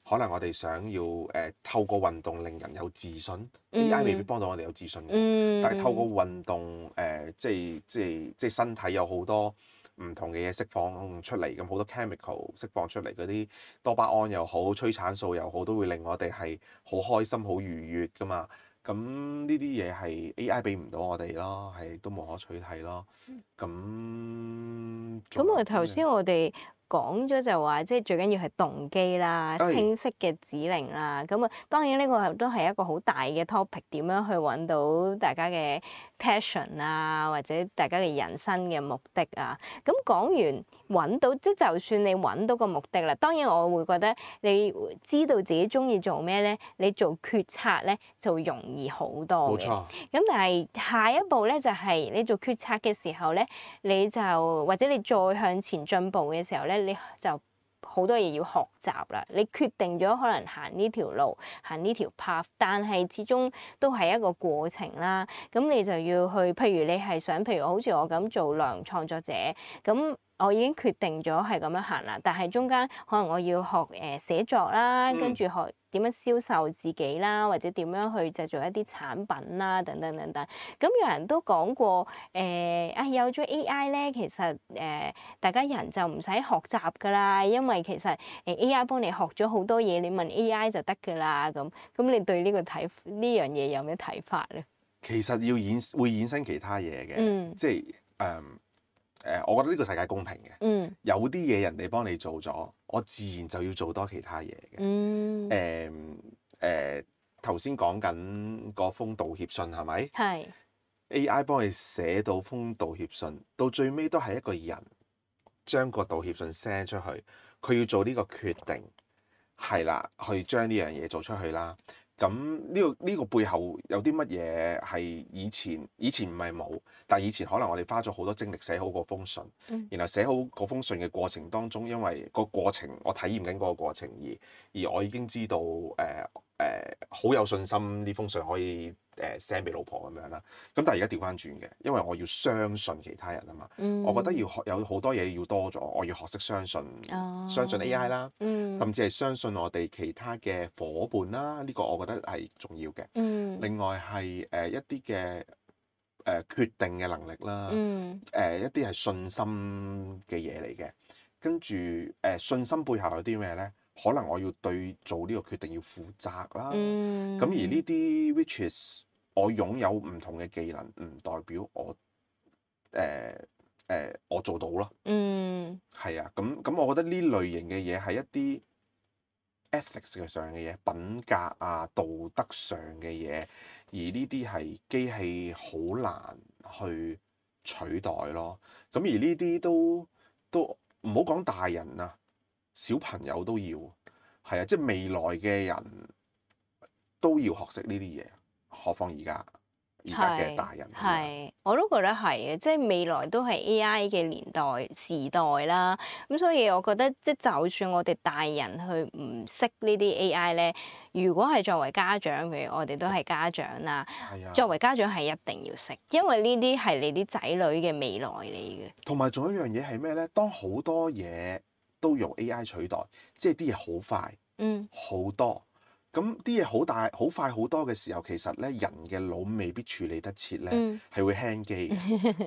可能我哋想要誒、呃、透過運動令人有自信，AI、嗯、未必幫到我哋有自信嘅，嗯、但係透過運動誒、呃、即係即係即係身體有好多。唔同嘅嘢釋放出嚟，咁好多 chemical 釋放出嚟，嗰啲多巴胺又好，催產素又好，都會令我哋係好開心、好愉悅噶嘛。咁呢啲嘢係 AI 俾唔到我哋咯，係都無可取替咯。咁、嗯、咁、嗯嗯、我頭先我哋講咗就話，即係最緊要係動機啦，清晰嘅指令啦。咁啊的，當然呢個都係一個好大嘅 topic，點樣去揾到大家嘅？Passion 啊，或者大家嘅人生嘅目的啊，咁講完揾到，即係就算你揾到個目的啦。當然我會覺得你知道自己中意做咩咧，你做決策咧就容易好多。冇錯。咁但係下一步咧就係你做決策嘅時候咧，你就或者你再向前進步嘅時候咧，你就。好多嘢要學習啦！你決定咗可能行呢條路，行呢條 path，但係始終都係一個過程啦。咁你就要去，譬如你係想，譬如好似我咁做量創作者，咁。我已經決定咗係咁樣行啦，但係中間可能我要學誒、呃、寫作啦，嗯、跟住學點樣銷售自己啦，或者點樣去製造一啲產品啦，等等等等。咁有人都講過誒、呃，啊有咗 AI 咧，其實誒、呃、大家人就唔使學習㗎啦，因為其實誒、呃、AI 幫你學咗好多嘢，你問 AI 就得㗎啦。咁咁你對、呢個呢個、呢個睇呢樣嘢有咩睇法咧？其實要演會衍生其他嘢嘅，嗯、即係誒。Um, 誒，我覺得呢個世界公平嘅，嗯、有啲嘢人哋幫你做咗，我自然就要做多其他嘢嘅。誒誒、嗯，頭先講緊嗰封道歉信係咪？係是 AI 幫你寫到封道歉信，到最尾都係一個人將個道歉信 send 出去，佢要做呢個決定，係啦，去將呢樣嘢做出去啦。咁呢個呢個背後有啲乜嘢係，以前以前唔係冇，但係以前可能我哋花咗好多精力寫好嗰封信，嗯、然後寫好嗰封信嘅過程當中，因為個過程我體驗緊嗰個過程，而而我已經知道，誒誒好有信心呢封信可以。誒 send 俾老婆咁樣啦，咁但係而家調翻轉嘅，因為我要相信其他人啊嘛。嗯、我覺得要學有好多嘢要多咗，我要學識相信、哦、相信 AI 啦，嗯、甚至係相信我哋其他嘅伙伴啦。呢、呢個我覺得係重要嘅。嗯、另外係誒、呃、一啲嘅誒決定嘅能力啦，誒、嗯呃、一啲係信心嘅嘢嚟嘅。跟住誒、呃、信心背後有啲咩呢？可能我要對做呢個決定要負責啦。咁、嗯嗯、而呢啲 which is 我擁有唔同嘅技能，唔代表我誒誒、呃呃、我做到咯。嗯，係 啊，咁咁，我覺得呢類型嘅嘢係一啲 ethics 上嘅嘢，品格啊道德上嘅嘢，而呢啲係機器好難去取代咯。咁而呢啲都都唔好講大人啊，小朋友都要係啊，即、就、係、是、未來嘅人都要學識呢啲嘢。何況而家而家嘅大人，係我都覺得係嘅，即係未來都係 AI 嘅年代時代啦。咁所以，我覺得即係就算我哋大人去唔識呢啲 AI 咧，如果係作為家長，譬如我哋都係家長啦，係啊、作為家長係一定要識，因為呢啲係你啲仔女嘅未來嚟嘅。同埋仲有一樣嘢係咩咧？當好多嘢都用 AI 取代，即係啲嘢好快，嗯，好多。咁啲嘢好大、好快、好多嘅時候，其實咧，人嘅腦未必處理得切咧，係、嗯、會輕機。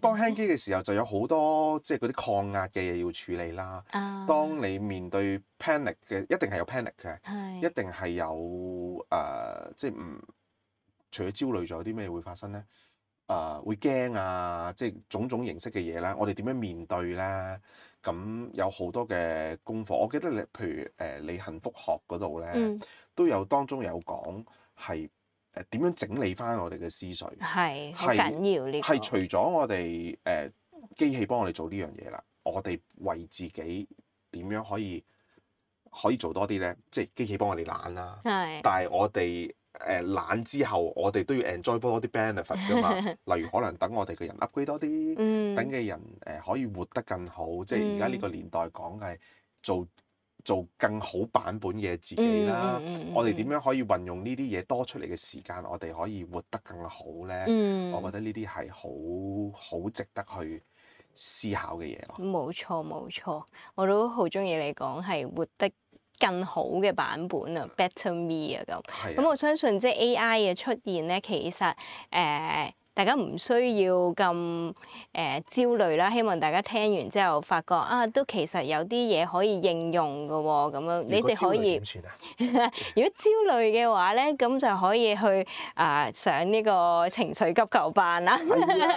當輕機嘅時候就，就有好多即係嗰啲抗壓嘅嘢要處理啦。嗯、當你面對 panic 嘅，一定係有 panic 嘅，是一定係有誒，即係唔除咗焦慮，仲有啲咩會發生咧？誒、呃，會驚啊！即、就、係、是、種種形式嘅嘢啦。我哋點樣面對咧？咁有好多嘅功課，我記得你譬如誒、呃，你幸福學嗰度咧，嗯、都有當中有講係誒點樣整理翻我哋嘅思緒，係好緊要呢個。係除咗我哋誒、呃、機器幫我哋做呢樣嘢啦，我哋為自己點樣可以可以做多啲咧？即係機器幫我哋懶啦、啊，係但係我哋。誒懶之後，我哋都要 enjoy 多啲 benefit 㗎嘛。例如可能等我哋嘅人 upgrade 多啲，等嘅 人誒可以活得更好。 即係而家呢個年代講嘅係做做更好版本嘅自己啦。 我哋點樣可以運用呢啲嘢多出嚟嘅時間，我哋可以活得更好咧？ 我覺得呢啲係好好值得去思考嘅嘢咯。冇錯冇錯，我都好中意你講係活得更好嘅版本啊，better me 啊咁，咁的我相信即係 A. I. 嘅出現咧，其實誒。呃大家唔需要咁誒焦慮啦，希望大家聽完之後發覺啊，都其實有啲嘢可以應用嘅喎、哦，咁樣你哋可以，如果焦慮嘅話咧，咁就可以去啊、呃、上呢個情緒急救班啦、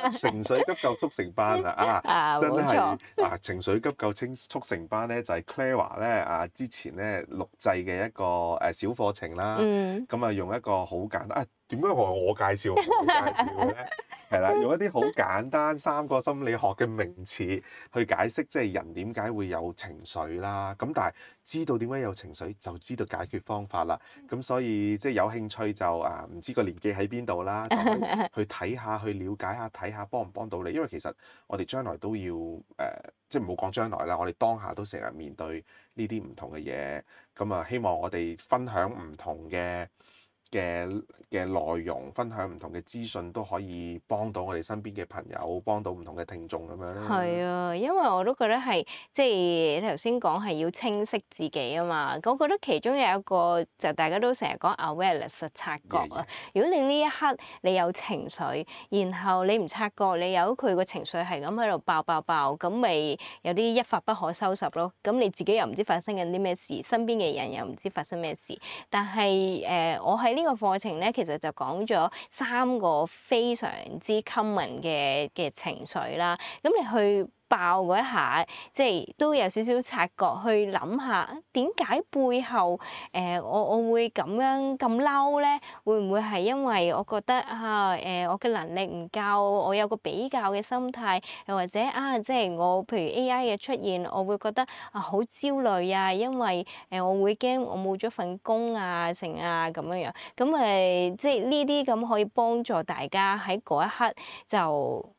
啊。情緒急救速成班啊 啊，真係錯啊情緒急救清速成班咧，就係、是、Clara 咧啊之前咧錄製嘅一個誒小課程啦。咁啊、嗯、用一個好簡單。點解唔係我介紹，我介紹咧？係啦，用一啲好簡單三個心理學嘅名詞去解釋，即係人點解會有情緒啦。咁但係知道點解有情緒，就知道解決方法啦。咁所以即係有興趣就啊，唔知個年紀喺邊度啦，就去睇下，去了解下，睇下幫唔幫到你。因為其實我哋將來都要誒，即唔好講將來啦，我哋當下都成日面對呢啲唔同嘅嘢。咁啊，希望我哋分享唔同嘅嘅嘅內容分享唔同嘅資訊，都可以幫到我哋身邊嘅朋友，幫到唔同嘅聽眾咁樣咯。係啊，因為我都覺得係即係頭先講係要清晰自己啊嘛。我覺得其中有一個就大家都成日講 awareness 察覺啊。Yeah, yeah. 如果你呢一刻你有情緒，然後你唔察覺你有佢個情緒係咁喺度爆爆爆，咁咪有啲一發不可收拾咯。咁你自己又唔知發生緊啲咩事，身邊嘅人又唔知發生咩事。但係誒、呃、我喺呢。呢個課程咧，其實就講咗三個非常之 common 嘅嘅情緒啦。咁你去。爆嗰一下，即係都有少少察覺去諗下點解背後誒、呃，我我會咁樣咁嬲咧？會唔會係因為我覺得嚇誒、啊呃，我嘅能力唔夠，我有個比較嘅心態，又或者啊，即係我譬如 A.I. 嘅出現，我會覺得啊好焦慮啊，因為誒、呃、我會驚我冇咗份工啊成啊咁樣樣咁誒，即係呢啲咁可以幫助大家喺嗰一刻就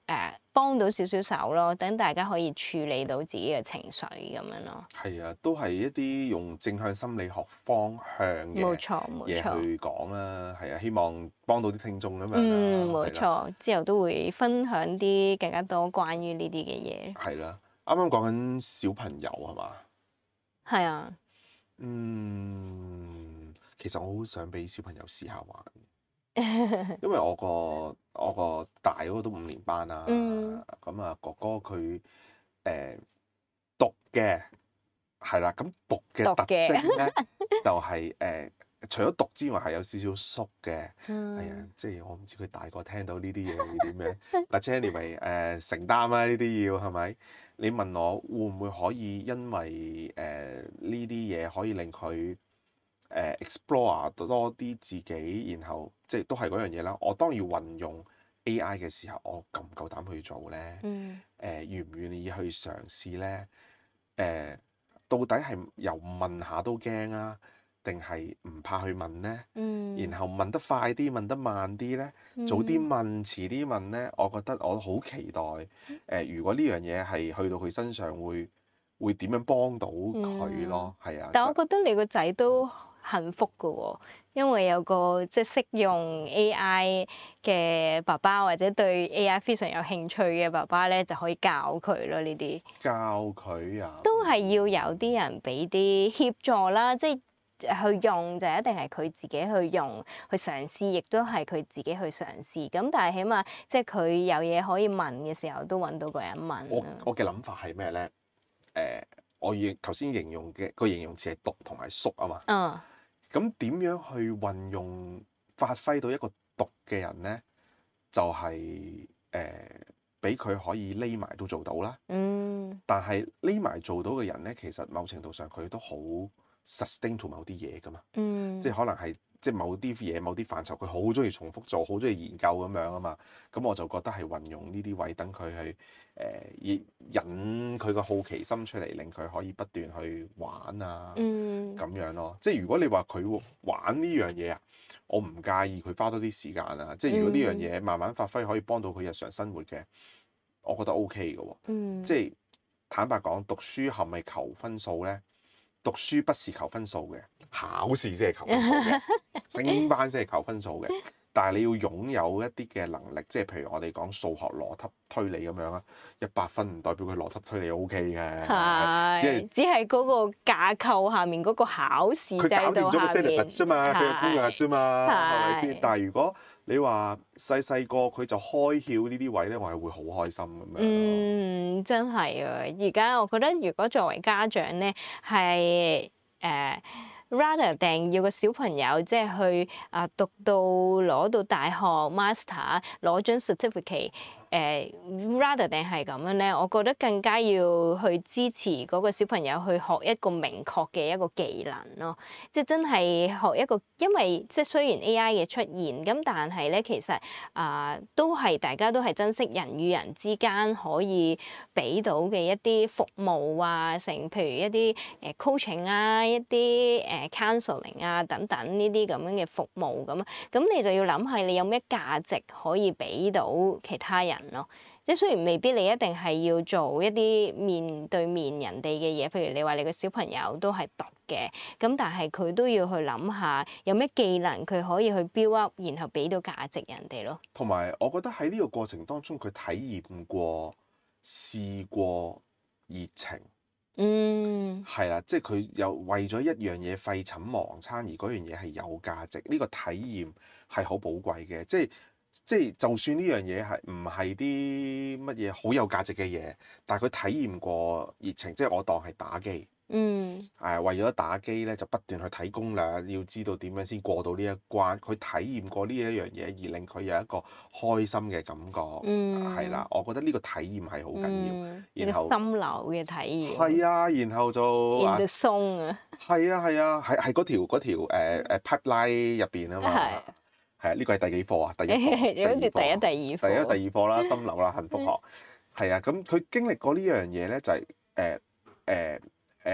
誒。啊幫到少少手咯，等大家可以處理到自己嘅情緒咁樣咯。係啊，都係一啲用正向心理學方向嘅冇錯，冇錯，嘢去講啦、啊。係啊，希望幫到啲聽眾啊嘛。嗯，冇錯，啊、之後都會分享啲更加多關於呢啲嘅嘢。係啦、啊，啱啱講緊小朋友係嘛？係啊。嗯，其實我好想俾小朋友試下玩。 因為我個我個大嗰都五年班、嗯，哥哥呃、啦，咁啊哥哥佢誒讀嘅係啦，咁讀嘅特徵咧就係、是、誒、呃、 除咗讀之外係有少少縮嘅，係啊、嗯哎，即係我唔知佢大個聽到呢啲嘢會點樣。嗱，Jenny 誒承擔啊呢啲要係咪？你問我會唔會可以因為誒呢啲嘢可以令佢？誒 explore 多啲自己，然後即係都係嗰樣嘢啦。我當然要運用 AI 嘅時候，我夠唔夠膽去做呢？誒、嗯，願唔願意去嘗試呢？誒、呃，到底係由問下都驚啊，定係唔怕去問呢？嗯、然後問得快啲，問得慢啲呢？早啲問，遲啲、嗯、問呢？我覺得我好期待。誒、呃，如果呢樣嘢係去到佢身上會，會會點樣幫到佢咯？係、嗯、啊，但我覺得你個仔都～、嗯幸福嘅喎，因為有個即係識用 AI 嘅爸爸，或者對 AI 非常有興趣嘅爸爸咧，就可以教佢咯。呢啲教佢啊，都係要有啲人俾啲協助啦，即係去用就一定係佢自己去用，去嘗試亦都係佢自己去嘗試。咁但係起碼即係佢有嘢可以問嘅時候，都揾到個人問。我我嘅諗法係咩咧？誒，我頭先、呃、形容嘅個形容詞係讀同埋熟啊嘛。嗯。咁點樣去運用發揮到一個毒嘅人咧？就係、是、誒，俾、呃、佢可以匿埋都做到啦。嗯。但係匿埋做到嘅人咧，其實某程度上佢都好 sustain 到某啲嘢噶嘛。嗯。即係可能係。即係某啲嘢、某啲範疇，佢好中意重複做，好中意研究咁樣啊嘛。咁我就覺得係運用呢啲位，等佢去誒、呃、引引佢個好奇心出嚟，令佢可以不斷去玩啊，咁、嗯、樣咯。即係如果你話佢玩呢樣嘢啊，我唔介意佢花多啲時間啊。即係如果呢樣嘢慢慢發揮，可以幫到佢日常生活嘅，我覺得 OK 嘅喎、啊。嗯、即係坦白講，讀書係咪求分數咧？讀書不是求分數嘅，考試先係求分數嘅，升 班先係求分數嘅。但係你要擁有一啲嘅能力，即係譬如我哋講數學邏輯推理咁樣啦，一百分唔代表佢邏輯推理 O K 嘅，是只係是只係嗰個架構下面嗰個考試佢搞掂咗個 scaling 啫嘛，佢有估計啫嘛，係咪先？但係如果你話細細個佢就開竅呢啲位咧，我係會好開心咁樣。嗯，真係啊！而家我覺得，如果作為家長咧，係誒、uh, rather 定要個小朋友即係、就是、去啊、uh, 讀到攞到大學 master 攞張 certificate。誒、呃、rather 定係咁樣咧，我覺得更加要去支持嗰個小朋友去學一個明確嘅一個技能咯。即係真係學一個，因為即係雖然 AI 嘅出現，咁但係咧其實啊、呃，都係大家都係珍惜人與人之間可以俾到嘅一啲服務啊，成譬如一啲誒 coaching 啊，一啲誒 counseling 啊等等呢啲咁樣嘅服務咁啊，咁你就要諗下你有咩價值可以俾到其他人。咯，即係雖然未必你一定係要做一啲面對面人哋嘅嘢，譬如你話你個小朋友都係讀嘅，咁但係佢都要去諗下有咩技能佢可以去 build up，然後俾到價值人哋咯。同埋我覺得喺呢個過程當中，佢體驗過、試過熱情，嗯，係啦，即係佢有為咗一樣嘢廢寢忘餐，而嗰樣嘢係有價值，呢個體驗係好寶貴嘅，即係。即係就算呢樣嘢係唔係啲乜嘢好有價值嘅嘢，但係佢體驗過熱情，即係我當係打機。嗯。誒，為咗打機咧，就不斷去睇攻略，要知道點樣先過到呢一關。佢體驗過呢一樣嘢而令佢有一個開心嘅感覺。嗯。係啦，我覺得呢個體驗係好緊要。然後。心流嘅體驗。係啊，然後就。然後鬆啊。係啊係啊，係係嗰條嗰條誒誒 pipeline 入邊啊嘛。係。係呢個係第幾課啊？第一課， 第二課，第一、第二課啦，課 心流啦，幸福學係啊。咁佢經歷過呢樣嘢咧，就係誒誒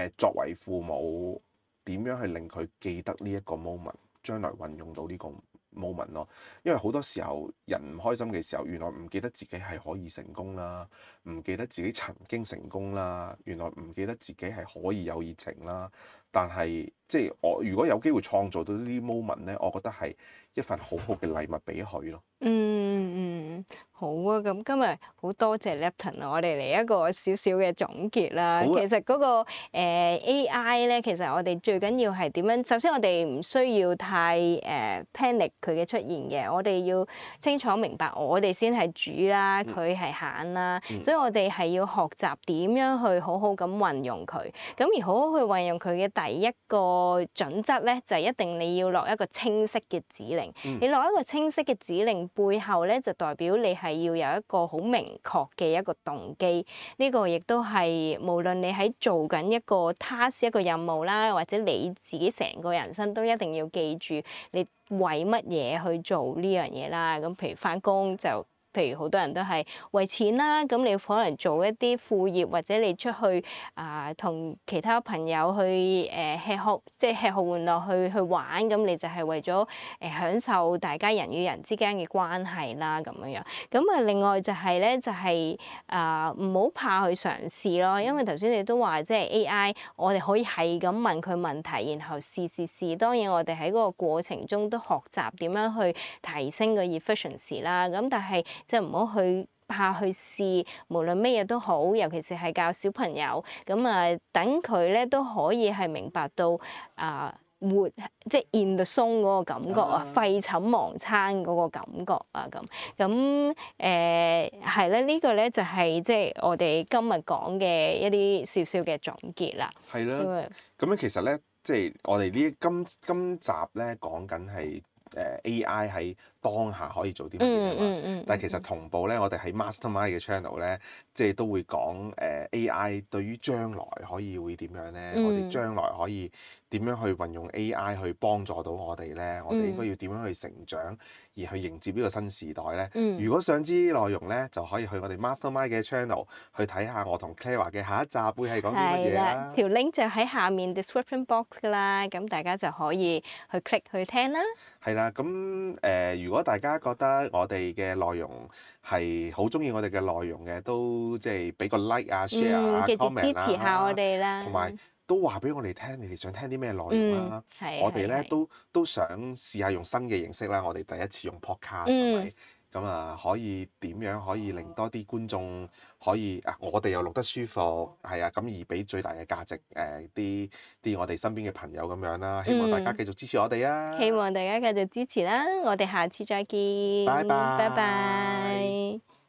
誒，作為父母點樣去令佢記得呢一個 moment，將來運用到呢個 moment 咯。因為好多時候人唔開心嘅時候，原來唔記得自己係可以成功啦，唔記得自己曾經成功啦，原來唔記得自己係可以有熱情啦。但係即係我如果有機會創造到呢啲 moment 咧，我覺得係。一份好好嘅禮物俾佢咯。嗯嗯，好啊！咁今日好多謝 Lapton 啊，我哋嚟一個少少嘅總結啦。啊、其實嗰、那個、呃、AI 咧，其實我哋最緊要係點樣？首先我哋唔需要太誒、呃、panic 佢嘅出現嘅，我哋要清楚明白我哋先係主啦，佢係餡啦，嗯、所以我哋係要學習點樣去好好咁運用佢。咁而好好去運用佢嘅第一個準則咧，就係、是、一定你要落一個清晰嘅指令。嗯、你落一個清晰嘅指令。背後咧就代表你係要有一個好明確嘅一個動機，呢個亦都係無論你喺做緊一個 task 一個任務啦，或者你自己成個人生都一定要記住你為乜嘢去做呢樣嘢啦。咁譬如返工就。譬如好多人都係為錢啦，咁你可能做一啲副業，或者你出去啊同、呃、其他朋友去誒、呃、吃喝，即係吃喝玩樂去去玩，咁你就係為咗誒、呃、享受大家人與人之間嘅關係啦咁樣樣。咁啊另外就係、是、咧就係啊唔好怕去嘗試咯，因為頭先你都話即係 AI 我哋可以係咁問佢問題，然後試試試。當然我哋喺嗰個過程中都學習點樣去提升個 efficiency 啦。咁但係，即係唔好去怕去試，無論乜嘢都好，尤其是係教小朋友咁啊，等佢咧都可以係明白到啊，活即係 in the 松嗰個感覺啊，廢寢忘餐嗰個感覺啊咁。咁誒係咧，呢個咧就係即係我哋今日講嘅一啲少少嘅總結啦。係啦的，咁樣吧其實咧，即係我哋呢今今集咧講緊係誒 AI 喺。當下可以做啲乜嘢，但係其實同步咧，我哋喺 Mastermind 嘅 channel 咧，即係都會講誒、呃、AI 對於將來可以會點樣咧？嗯、我哋將來可以點樣去運用 AI 去幫助到我哋咧？我哋應該要點樣去成長、嗯、而去迎接呢個新時代咧？嗯、如果想知內容咧，就可以去我哋 Mastermind 嘅 channel 去睇下我同 Clara 嘅下一集會係講啲乜嘢啦。條 link 就喺下面 description box 㗎啦，咁大家就可以去 click 去聽啦。係啦，咁、呃、誒。呃如果大家覺得我哋嘅內容係好中意我哋嘅內容嘅，都即係俾個 like 啊、嗯、share 啊、記得 comment 啊，支持下我哋啦。同埋、嗯、都話俾我哋聽，你哋想聽啲咩內容啦、係？嗯、我哋咧都都想試下用新嘅形式啦。我哋第一次用 podcast、嗯。係咪？咁啊，可以點樣可以令多啲觀眾可以啊？我哋又錄得舒服，係啊，咁而俾最大嘅價值誒啲啲我哋身邊嘅朋友咁樣啦。希望大家繼續支持我哋啊、嗯！希望大家繼續支持啦，我哋下次再見。拜拜，拜拜，拜拜。